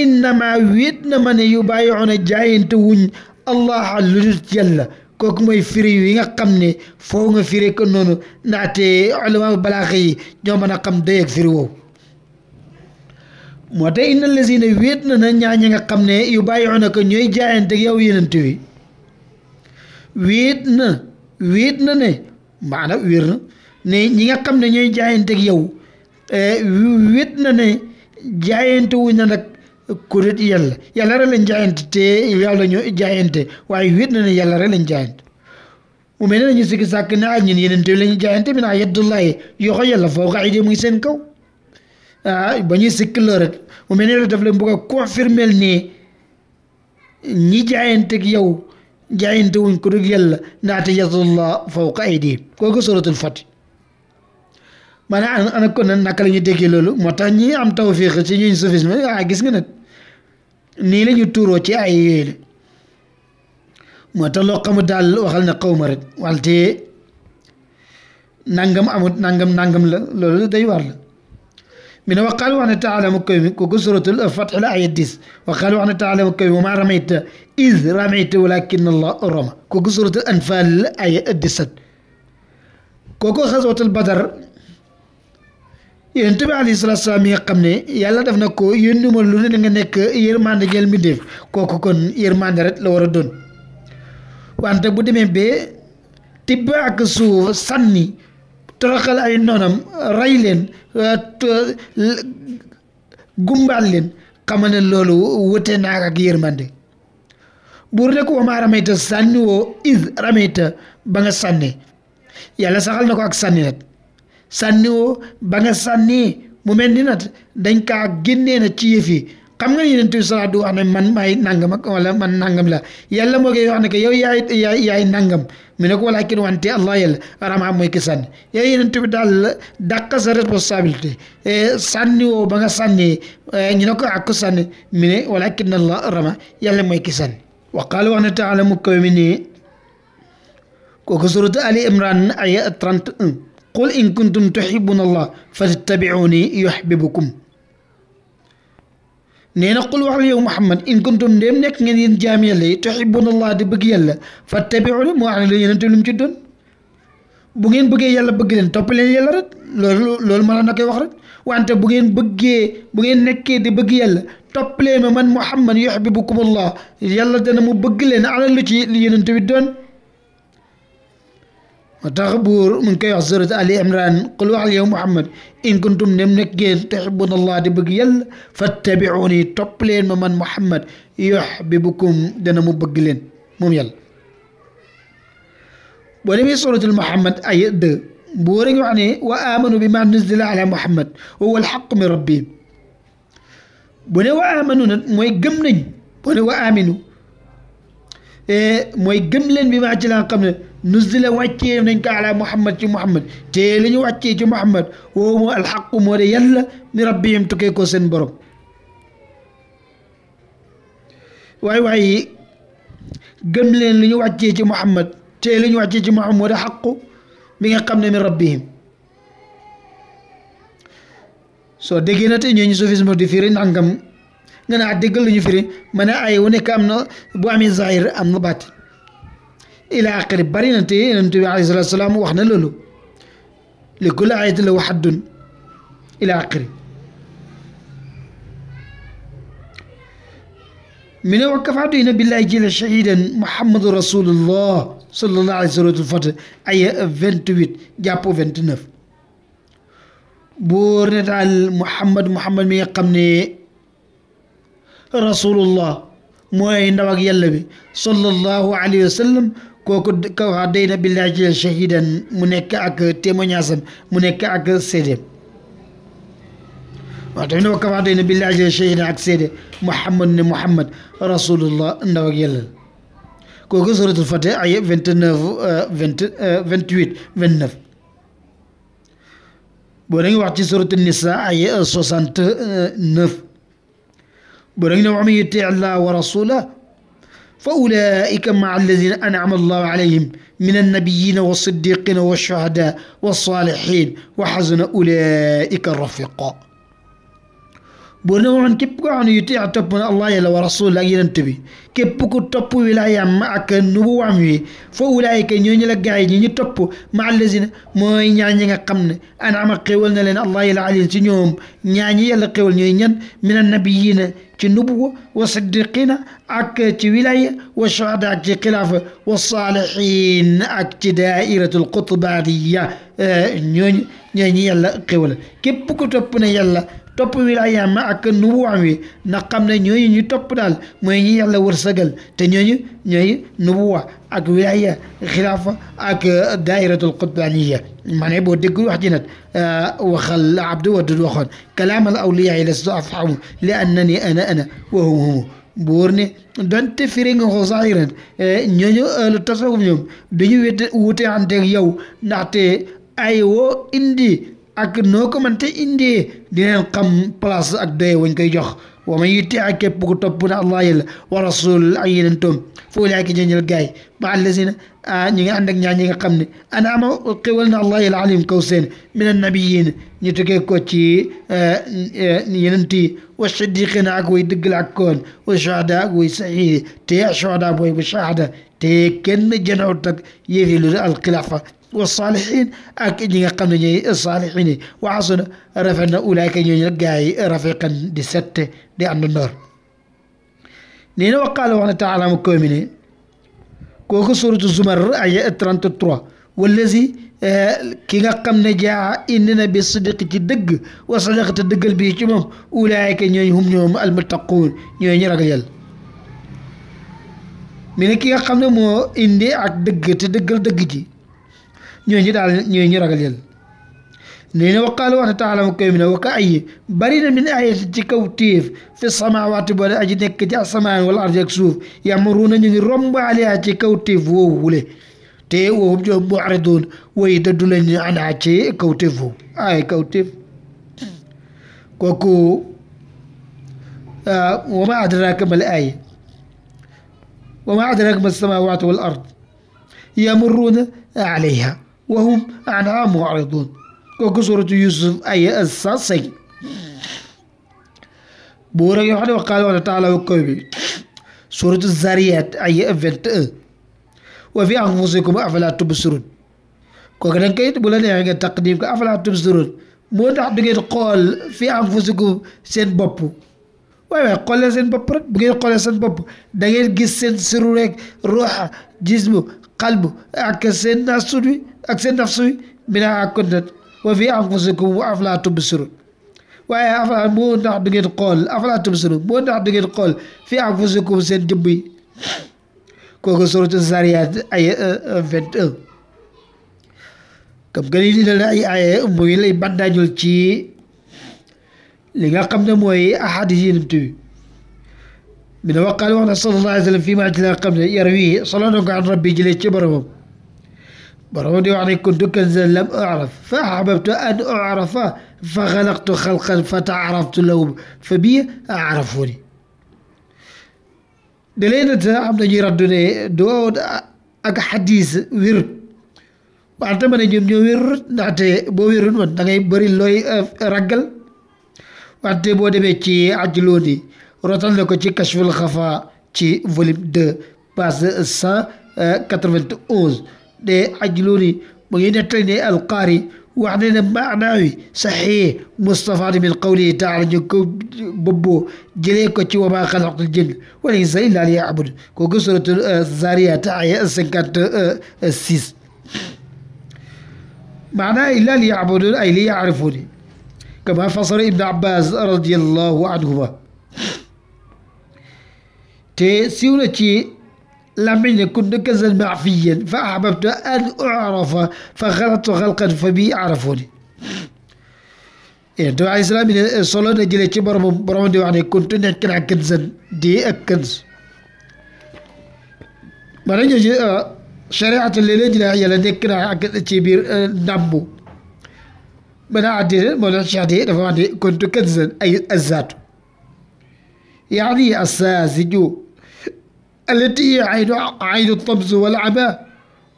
innama wéet na ma ne yu bàyyi ona jaayante wuñ allah lu dul yàlla firi yi nga xam ne foo nga firi ko noonu ndaxte ulama balaax yi ñoo mën xam dayoog firi woowu moo tax inna lazina wéet na na ñaa ñi nga xam ne yu bàyyi na ko ñooy jaayante yow yenent wi wéet na wéet na ne maanaam wéer na ne ñi nga xam ne ñooy jaayanteeg yow eh, wéet na ne jaayante wuñ na nag kuréet yàlla yàlla rek lañ jaayante te yàlla ñoo jaayante waaye wéet na ne yàlla rek lañ jaayante mu mel ne ñu sikki sàkk ne ah ñun yeneen teew lañu jaayante bi naa yeddullahi yoxo yàlla foo ko ay muy seen kaw ah ba ñuy sikkil la rek mu mel ne daf leen bëgg a confirmer ñi jaayanteeg yow jaayante wuñ ko dug yàlla ndaxte yadullah fawqa aydi kooku suratul fati maanaam ana kon nag naka ñu déggee loolu moo tax ñi am tawfiq ci ñuñ soufisme ah gis nga nag nii la ñu tuuroo ci ay yooyu moo tax loo xamul daal waxal na xaw ma rek walte nangam amut nangam nangam la loolu day war la من وقالوا أن تعلم كيم كسرة الفتح لا يدس وقالوا أن تعلم كيم وما رميت إذ رميت ولكن الله رمى كسرة الأنفال لا يدست كوكو غزوة البدر ينتبع عليه الصلاة والسلام يقمني يلا دفنكو ينمو لنا نك يرمان جل مدف كوكو كن يرمان رت لوردون وانت بودي من بي تبع كسوف سني ترخل أي نونم ريلين gumbal leen xamal ne loolu wute naag ak yërmande buur ne ko wamaa ramayta sànni woo is ramayta ba nga sànni yàlla saxal na ko ak sànni nag sànni woo ba nga sànni mu mel ni nag dañ kaa génnee na ci yi xam nga yonent bi salaa du wax ne man maay nangam ak wala man nangam la yàlla moo koy wax ne que yow yaay yaay yaay nangam mu ne ko walaakin wante allah yàlla rama mooy ki sànni yow yonent bi daal dàq sa responsabilité e, sànni woo ba nga sànni e, ñu ne ko ak sànni mu ne walaakin allah rama yàlla mooy ki sànni waqaala wax ne taala mu kawe mi nii kooku suratu ali imran aya 31 qul in kuntum tuhibbuna allah fattabi'uni yuhibbukum نينا قل وعلي يوم محمد إن كنتم نيم نك نين جامي لي تحبون الله دي بغي يلا فاتبعوا لي مو عني لي ننتلم جدون بغين بغي يلا بغين توبلين يلا رد لول مالا نكي وخرج وانت بغين بغي بغين نكي دي بغي يلا توبلين من محمد يحببكم الله يلا دينا مو بغي على اللي ينتلم جدون وتغبور من كي حصرت علي عمران قل وحل يا محمد إن كنتم نمنك جيل تحبون الله دبق يل فاتبعوني توبلين ممن محمد يحببكم دنا مبقلين مم يل ولم سورة المحمد أي د بورين يعني وآمنوا بما نزل على محمد هو الحق من ربهم بني وآمنوا موي قمني بني وآمنوا إيه موي قملين بما جلان قمني nuzila wàccee nañ ko mu muhammad ci muhammad te la ñu wàccee ci muhammad woo moo alxaqu moo de yàlla mi rabbihim tukkee ko seen borom waay waay gëm leen li ñu wàccee ci muhammad te la ñu wàccee ci muhammad moo de xaqu mi nga xam ne mi rabbihim soo déggee na te ñooñu sufisme di firi nangam nga naa ah, déggal lu ñu firi ma ne ay wu nekk am na bu amee zahir am na baati الى اخر برينة النبي عليه الصلاه والسلام وحنا له لكل عيد له حد الى اخر من وقف عبدنا بالله جل شهيدا محمد رسول الله صلى الله عليه وسلم الفتح اي 28 جابو 29 buur ne محمد محمد muhammad mi رسول الله ne rasulullah يلبي صلى الله عليه وسلم kooku Kawar day na billaahi shahidan mu nekk ak témoignage am mu nekk ak séedéem waaw tamit wa Kawar day na billaahi shahidan ak séedé Mouhamad ne Mouhamad rasulullah ndaw ak yàlla kooku suratul Fatiha ay vingt neuf vingt vingt huit vingt neuf boo da nga wax ci suratul Nisa ay soixante neuf boo da nga ne wax mi yuti Allah wa rasulah فأولئك مع الذين أنعم الله عليهم من النبيين والصديقين والشهداء والصالحين وحزن أولئك الرفقاء بنوعن كيف قعن يطيع تبنا الله يلا ورسول لا ينتبه كيف كو تبو ولاية ما أكن نبو عمي فولاية كن ينجل قاعد ينجل تبو مع الذين ما ينجل ينجل قمن أنا عم قولنا لأن الله يلا علي سنيوم ينجل يلا قول ينجل من النبيين تنبو وصدقين أك تولاية وشهد أك خلاف والصالحين أك دائرة القطبارية آه، ينجل ينجل يلا قول كيف كو تبنا يلا topp wilaayam ma ak nubuwaam wi na xam ne ñooñu ñu topp daal mooy ñi yàlla wërsëgal te ñooñu ñooy wa ak wilaaya xilaafa ak dairatul qutbaaniya ma ne boo déggul wax ji nag waxal abdu wadud waxoon kalaam al awliyaa lastu afhamu li annani ana ana wa hum humu bu wóor ne donte firi nga ko saahiran ñooñu lu tasawuf ñoom duñu wéte wuute ante yow ndaxte ay woo indi ak noo ko mën te indee dineen xam place ak doye wañ koy jox wa man yitte ak képp ku topp na allah yàlla wa rasul ak yeneen toom foo laay ki jënjël gaay ma allazina ñi nga ànd ak ñaa ñi nga xam ne anaama xéwal na allah yàlla alim kaw seen min annabiyin ñu tukkee ko ci e, e, yeneen tii wa siddiqina ak way dëggal ak koon wa shahada ak way saxiidi te shahada booy bu shahada te kenn jënawut ak yéefi lu alxilaafa والصالحين أكيد قمني الصالحين وعصنا رفعنا أولئك يلقاي رفيقا لستة لأن النار لأنه وقال وانا تعالى مكومني كوكو سورة الزمر آية 33 والذي آه، كي قم نجا اننا بالصدق تدق وصدق تدق البيتم اولئك هم يوم المتقون ني رجل من كي قم مو اندي اك دق تدق دق جي ñooy ñi daal ñooy ñi ragal yàlla nee na waqaala wax na taala mu koy mi ne wa ka ay bari na min ayati ci kaw téef fi samawaati boole aji nekk ci asamaan wala ardi ak suuf yamaruuna ñu ngi rombaaliyaa ci kaw téef woowu wule te woowu ñoom mu aridoon way dëddu lañu ana ci kaw téef woowu ay kaw téef kooku wa ma adraka mal ay wa ma adraka ma samawaati wal ard yamaruuna alayha وهم عنها معرضون وقصرة يوسف أي أساسي بورا يوحنا وقال الله تعالى وكوبي سورة الزاريات أي أفلت وفي أنفسكم أفلا تبصرون كوكنا كيت بولانا يعني تقديم أفلا تبصرون مو تاع دغيت قول في انفسكم سين بوب واي واي قول سين بوب بغي قول سين بوب دغيت غيس سين سرور روح جسم قلب اك سين ناسودي ak seen nafsu mina ak kondat wa fi anfusikum wa afala tubsirun waaye afala moo ndax du ngeen xool afala tubsirun moo ndax du ngeen xool fi anfusikum seen jëmm yi kooku suratu Zariyat ay vingt un kam gën dina la ay aye muy lay bandaañul ci li nga xam ne mooy ahadis yi nam tubi mi ne waqaal wax na sallallahu alayhi wa sallam fii maa ci la xam ne yar wii solo na ko an rabbi jëlee ci boromam بروني أعرق دكا لم أعرف فأحببت أن أعرف فخلقت خلقا فتعرفت لهم فبي أعرفوني دلينا عم نجي ردوني دعوة أك حديث ورد wante ma ne ñoom ñoo wérut ndaxte boo wérut man da ngay bëri looy ragal wante boo demee ci ajlooni rotal na ko ci kashful xafa ci volume 2 page 191 دي عجلوني مجينا تريني القاري وعنينا معناوي صحيح مصطفى من قوله تعالى نكو ببو جليكو تي وما خلقت الجن وليس إلا ليعبد كو قصرة آه، الزارية تعي سنكات آه، السيس معناه إلا ليعبدون أي ليعرفوني كما فصل ابن عباس رضي الله عنهما تي siw لم يكن كذا معفيا فأحببت أن أعرف فخلقت خلقا فبي أعرفوني إيه دعاء إسلام السلام الصلاة جل كبر برمان دي وعني كنت نكنا عن كنزا دي أكنز مرة آه، شريعة الليلة جل هي لنكنا عن كبير آه، نمو من عدي من شادي كنت كنزا أي الذات يعني الساذج التي هي عين عين الطمس والعباء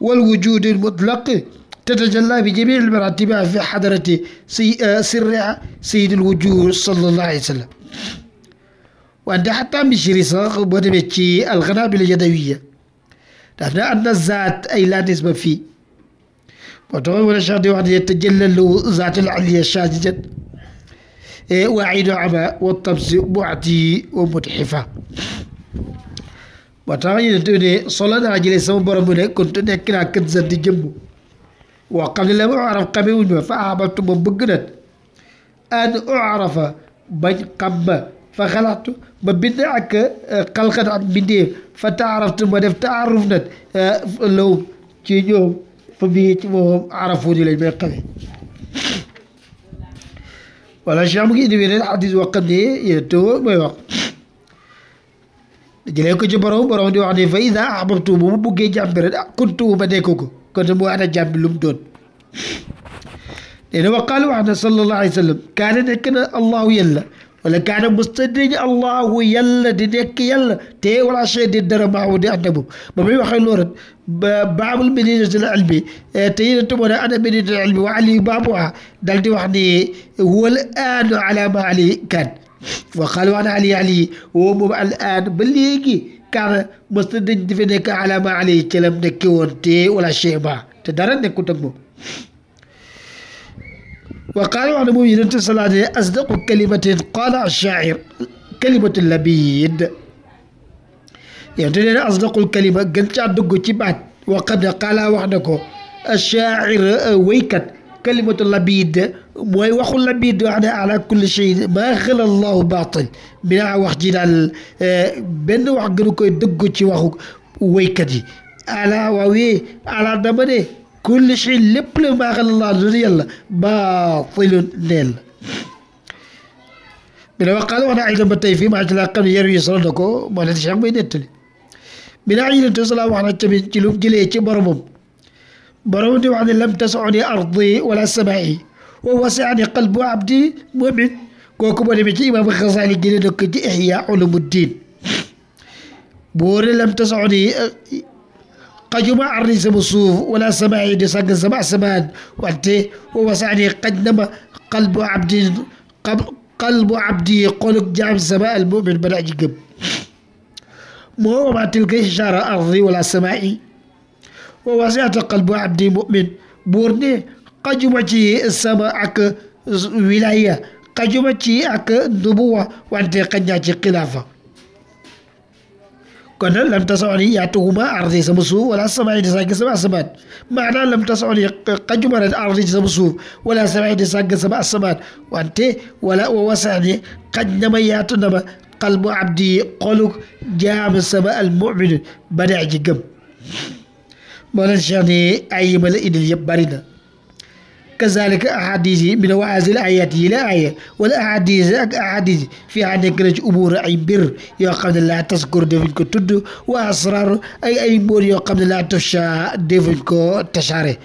والوجود المطلق تتجلى بجميع المراتب في حضرة سي آه، سر سيد الوجود صلى الله عليه وسلم وعند حتى مشري صاغ بودمتشي القنابل اليدوية نحن أن الذات أي لا نسبة فيه وتقول الشاطئ واحد يتجلى له ذات العليا شاذجا إيه، وعيد عباء والطبس معدي ومتحفة ba tax yonent bi ne solo naa jëlee sama borom mu ne kuntu nekk naa kët sa di jëmm woo xam ne la ma araf xame wuñ ma fa ahbabtu ma bëgg nag an arafa bañ xam ma fa xalaatu ma bind ak xalxat am bindee fa taaraftu ma def taaruf nag law ci ñoom fa bii ci moom arafu ni lañ may xame wala cheikh mu ngi indi weneen xadis woo xam ne yéen tëwoon mooy wax jëlee ko ci borom borom di wax ne fa isa ahbabtu bu ma buggee jàmm bi rek ah kuntu ma nekk ko kon mu ana jàmm bi lu mu doon nee na waqaal wax na sallallahu alayhi wa sallam kaana nekk na allahu yàlla wala kaana mustadin allahu yàlla di nekk yàlla te wala chey di dara maawu di ànd moom ba muy waxee loolu rek baabul medinatil ilmi te yéen tumoon ana medinatil ilmi wa ali baabuha dal di wax ne wal aanu ala ma ali kaan وقالوا عن علي علي ومو الآن بليجي كان مستدين دفنك على ما عليه كلام نكي وانتي ولا شيء ما تدرن نكتب وقالوا عن مبين صلاة أصدق كلمة قال الشاعر كلمة اللبيد يعني أصدق الكلمة قلت شعر دقو وقد قال وحدكو الشاعر ويكت كلمة لبيد موي وخو لبيد وحنا يعني على كل شيء ما خل الله باطل بناء وخ جلال آه، بن وخ غنو كوي دغو تي وخو وي كدي على ووي على دمدي كل شيء لبلا ما خل الله لري الله باطل ليل بلا وقال وانا عيد متي في ما جلا قم يروي صلدكو ما لا شيخ بيدتلي بلا عيد تصلا وانا تبي جلوب جلي تي بروت وعد لم تسعني أرضي ولا سمائي ووسعني قلب عبدي مؤمن كوكب ولمجي إمام الغزالي قلنا كنت إحياء علوم الدين بوري لم تسعني قجما عريس بصوف ولا سماعي دساق السماع سمان وأنت ووسعني قد نما قلب عبدي قلب عبدي قلق جام سماء المؤمن بلا جيب مو ما تلقى إشارة أرضي ولا سمائي wasi ata qalbu abdi mu'min burni qajuma ci sama ak wilaya qajuma ci ak nubuwa wante qanya ci khilafa kono lam tasawani ya tuuma ardi sama su wala samai de sagge sama asbat maana lam tasawani qajuma rat ardi sama su wala samai de sagge sama asbat wante wala wasani qanya ma yatu naba qalbu abdi qoluk jaam sama al mu'min badaj gam مولان الشيخ دي اي مالا ادل يبارينا كذلك احاديثي من وعزي الايات يلا اي والاحاديث اك احاديث في عندك رج امور اي بر يا قبل الله تذكر ديفنكو تدو واسرار اي اي مور يا قبل الله تشا ديفنكو تشاري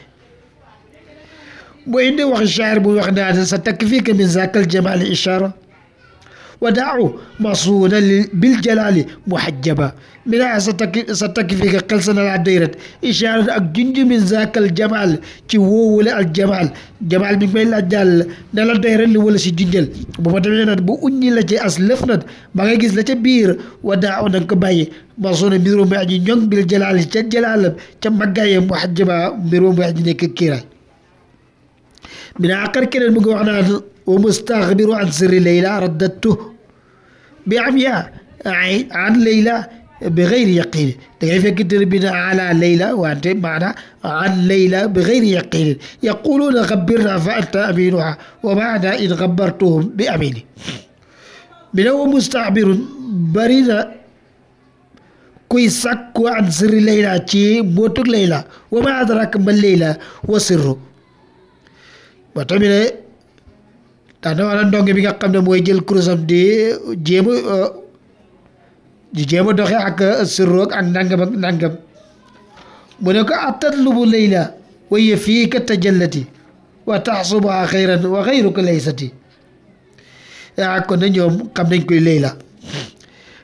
بو اندي وخ الشعر بو وخ نادن ستكفيك من ذاك الجمال الاشاره ودعه مصودا بالجلال محجبا من ستكفيك قلسنا العديرة إشارة أجنج من ذاك الجمال تيوو الجمال جمال من بين الأجال نال دايرة اللي ولا سجنجل بمتمنى بأني لتي أسلفنا بغيقز لتي بير ودعه ننكباي مصودا ميرو معجي نيون بالجلال تجلال تمكاي محجبا ميرو معجي نككيرا من آخر كنا المقوعنا ومستغبر عن سر ليلى ردته بعمياء عن ليلى بغير يقين كيف بنا على ليلى وأنت معنا عن ليلى بغير يقين يقولون غبرنا فأنت أمينها وبعد إن غبرتهم بأميني من هو مستعبر برينا كوي سكو عن سر ليلى تي موت ليلى وما أدراك ما ليلى وسره وتمنى ndax dama la ndonge bi nga xam ne mooy jël kurusam di jéem a euh, di jéem a doxe ak euh, surroog ak nangam nangam mu ne ko atatlubu layla waye fii ka tajallati wa taxsubuha xayran wa xayruka laysati yaa kon na ñoom xam nañ koy layla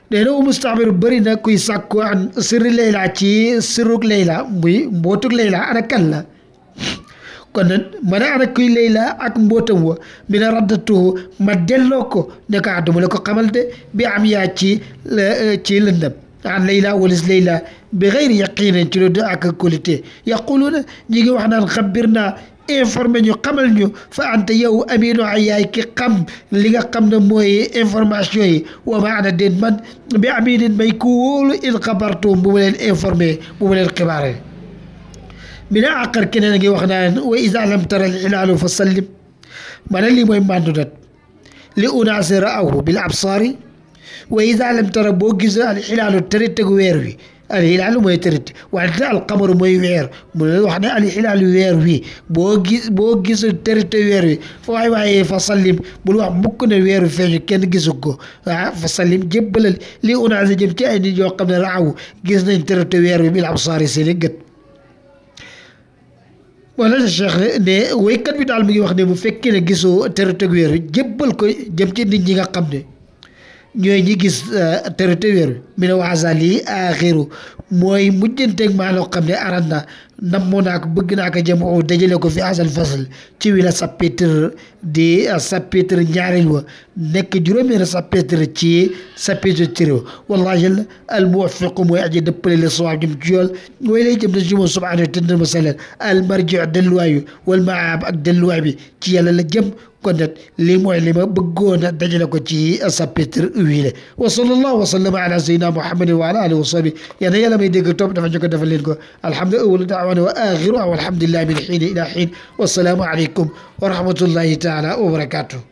nee na mustaxbiru bëri na kuy sàkku an sirri layla ci sirrug layla muy mbootug layla ana kan kon nag man a ana kuy lay laa ak mbootam wa mi na raddatuhu ma delloo ko ne ko ah dama la ko xamal de bi am yaa ci ci lëndam عن ليلى ولز ليلى بغير يقين تلود أكل كولتي يقولون نيجي وحنا نخبرنا informé xamal ñu fa ante yow aminu ay yaay ki xam li nga xam ne mooy information yi wa maana den man bi aminin may ku wóolu in xabartum bu ma leen informé bu ma leen xibaaree mi la àqar keneen a ngi wax naan wa iza lam tara al hilaalu fa sallim maanaam lii mooy màndu nat li unaasi ra'awhu bil absaari wa iza lam tara boo gis al hilaalu tërite gu weer wi al hilaalu mooy tërite wante al qamaru mooy weer mu ne wax ne al hilaalu weer wi boo gis boo gis tërite weer wi fa waay waaye fa sallim bul wax mukk ne weer wi feeñu kenn gisu ko ah fa sallim jébbalal li unaasi jëm ci ay nit yoo xam ne ra'awu gis nañ tërite weer wi bil absaari seen i gët wala Cheikh ne woykat bi daal mi ngi wax ne bu fekkee ne gisoo terete weer wi jébbal ko jëm ci nit ñi nga xam ne ñooy ñi gis euh, terete weer wi mi ne waxasaal yi axiru mooy mujjanteeg maa loo xam ne arat na nammu naa ko bëgg naa ko jamoo dajale ko fi asal fasal ci wi la chapitre di chapitre ñaareel wa nekk juróomeeri chapitre ci chapitre tiro wallahi jalla al muwaffiqu mooy aji dëppale la sawaab jëm ci yool mooy lay jëm na ci moom subhanahu wa taala masalan al marji delluwaayu wal maab ak delluwaay bi ci yàlla la jëm kon nag lii mooy li ma bëggoon a dajale ko ci chapitre wii la wa sallallahu wa sallama ala sayyidina muhammadin ما يديك توب دفع جوك دفع لينكو الحمد أول دعوانا وآخرها والحمد لله من حين إلى حين والسلام عليكم ورحمة الله تعالى وبركاته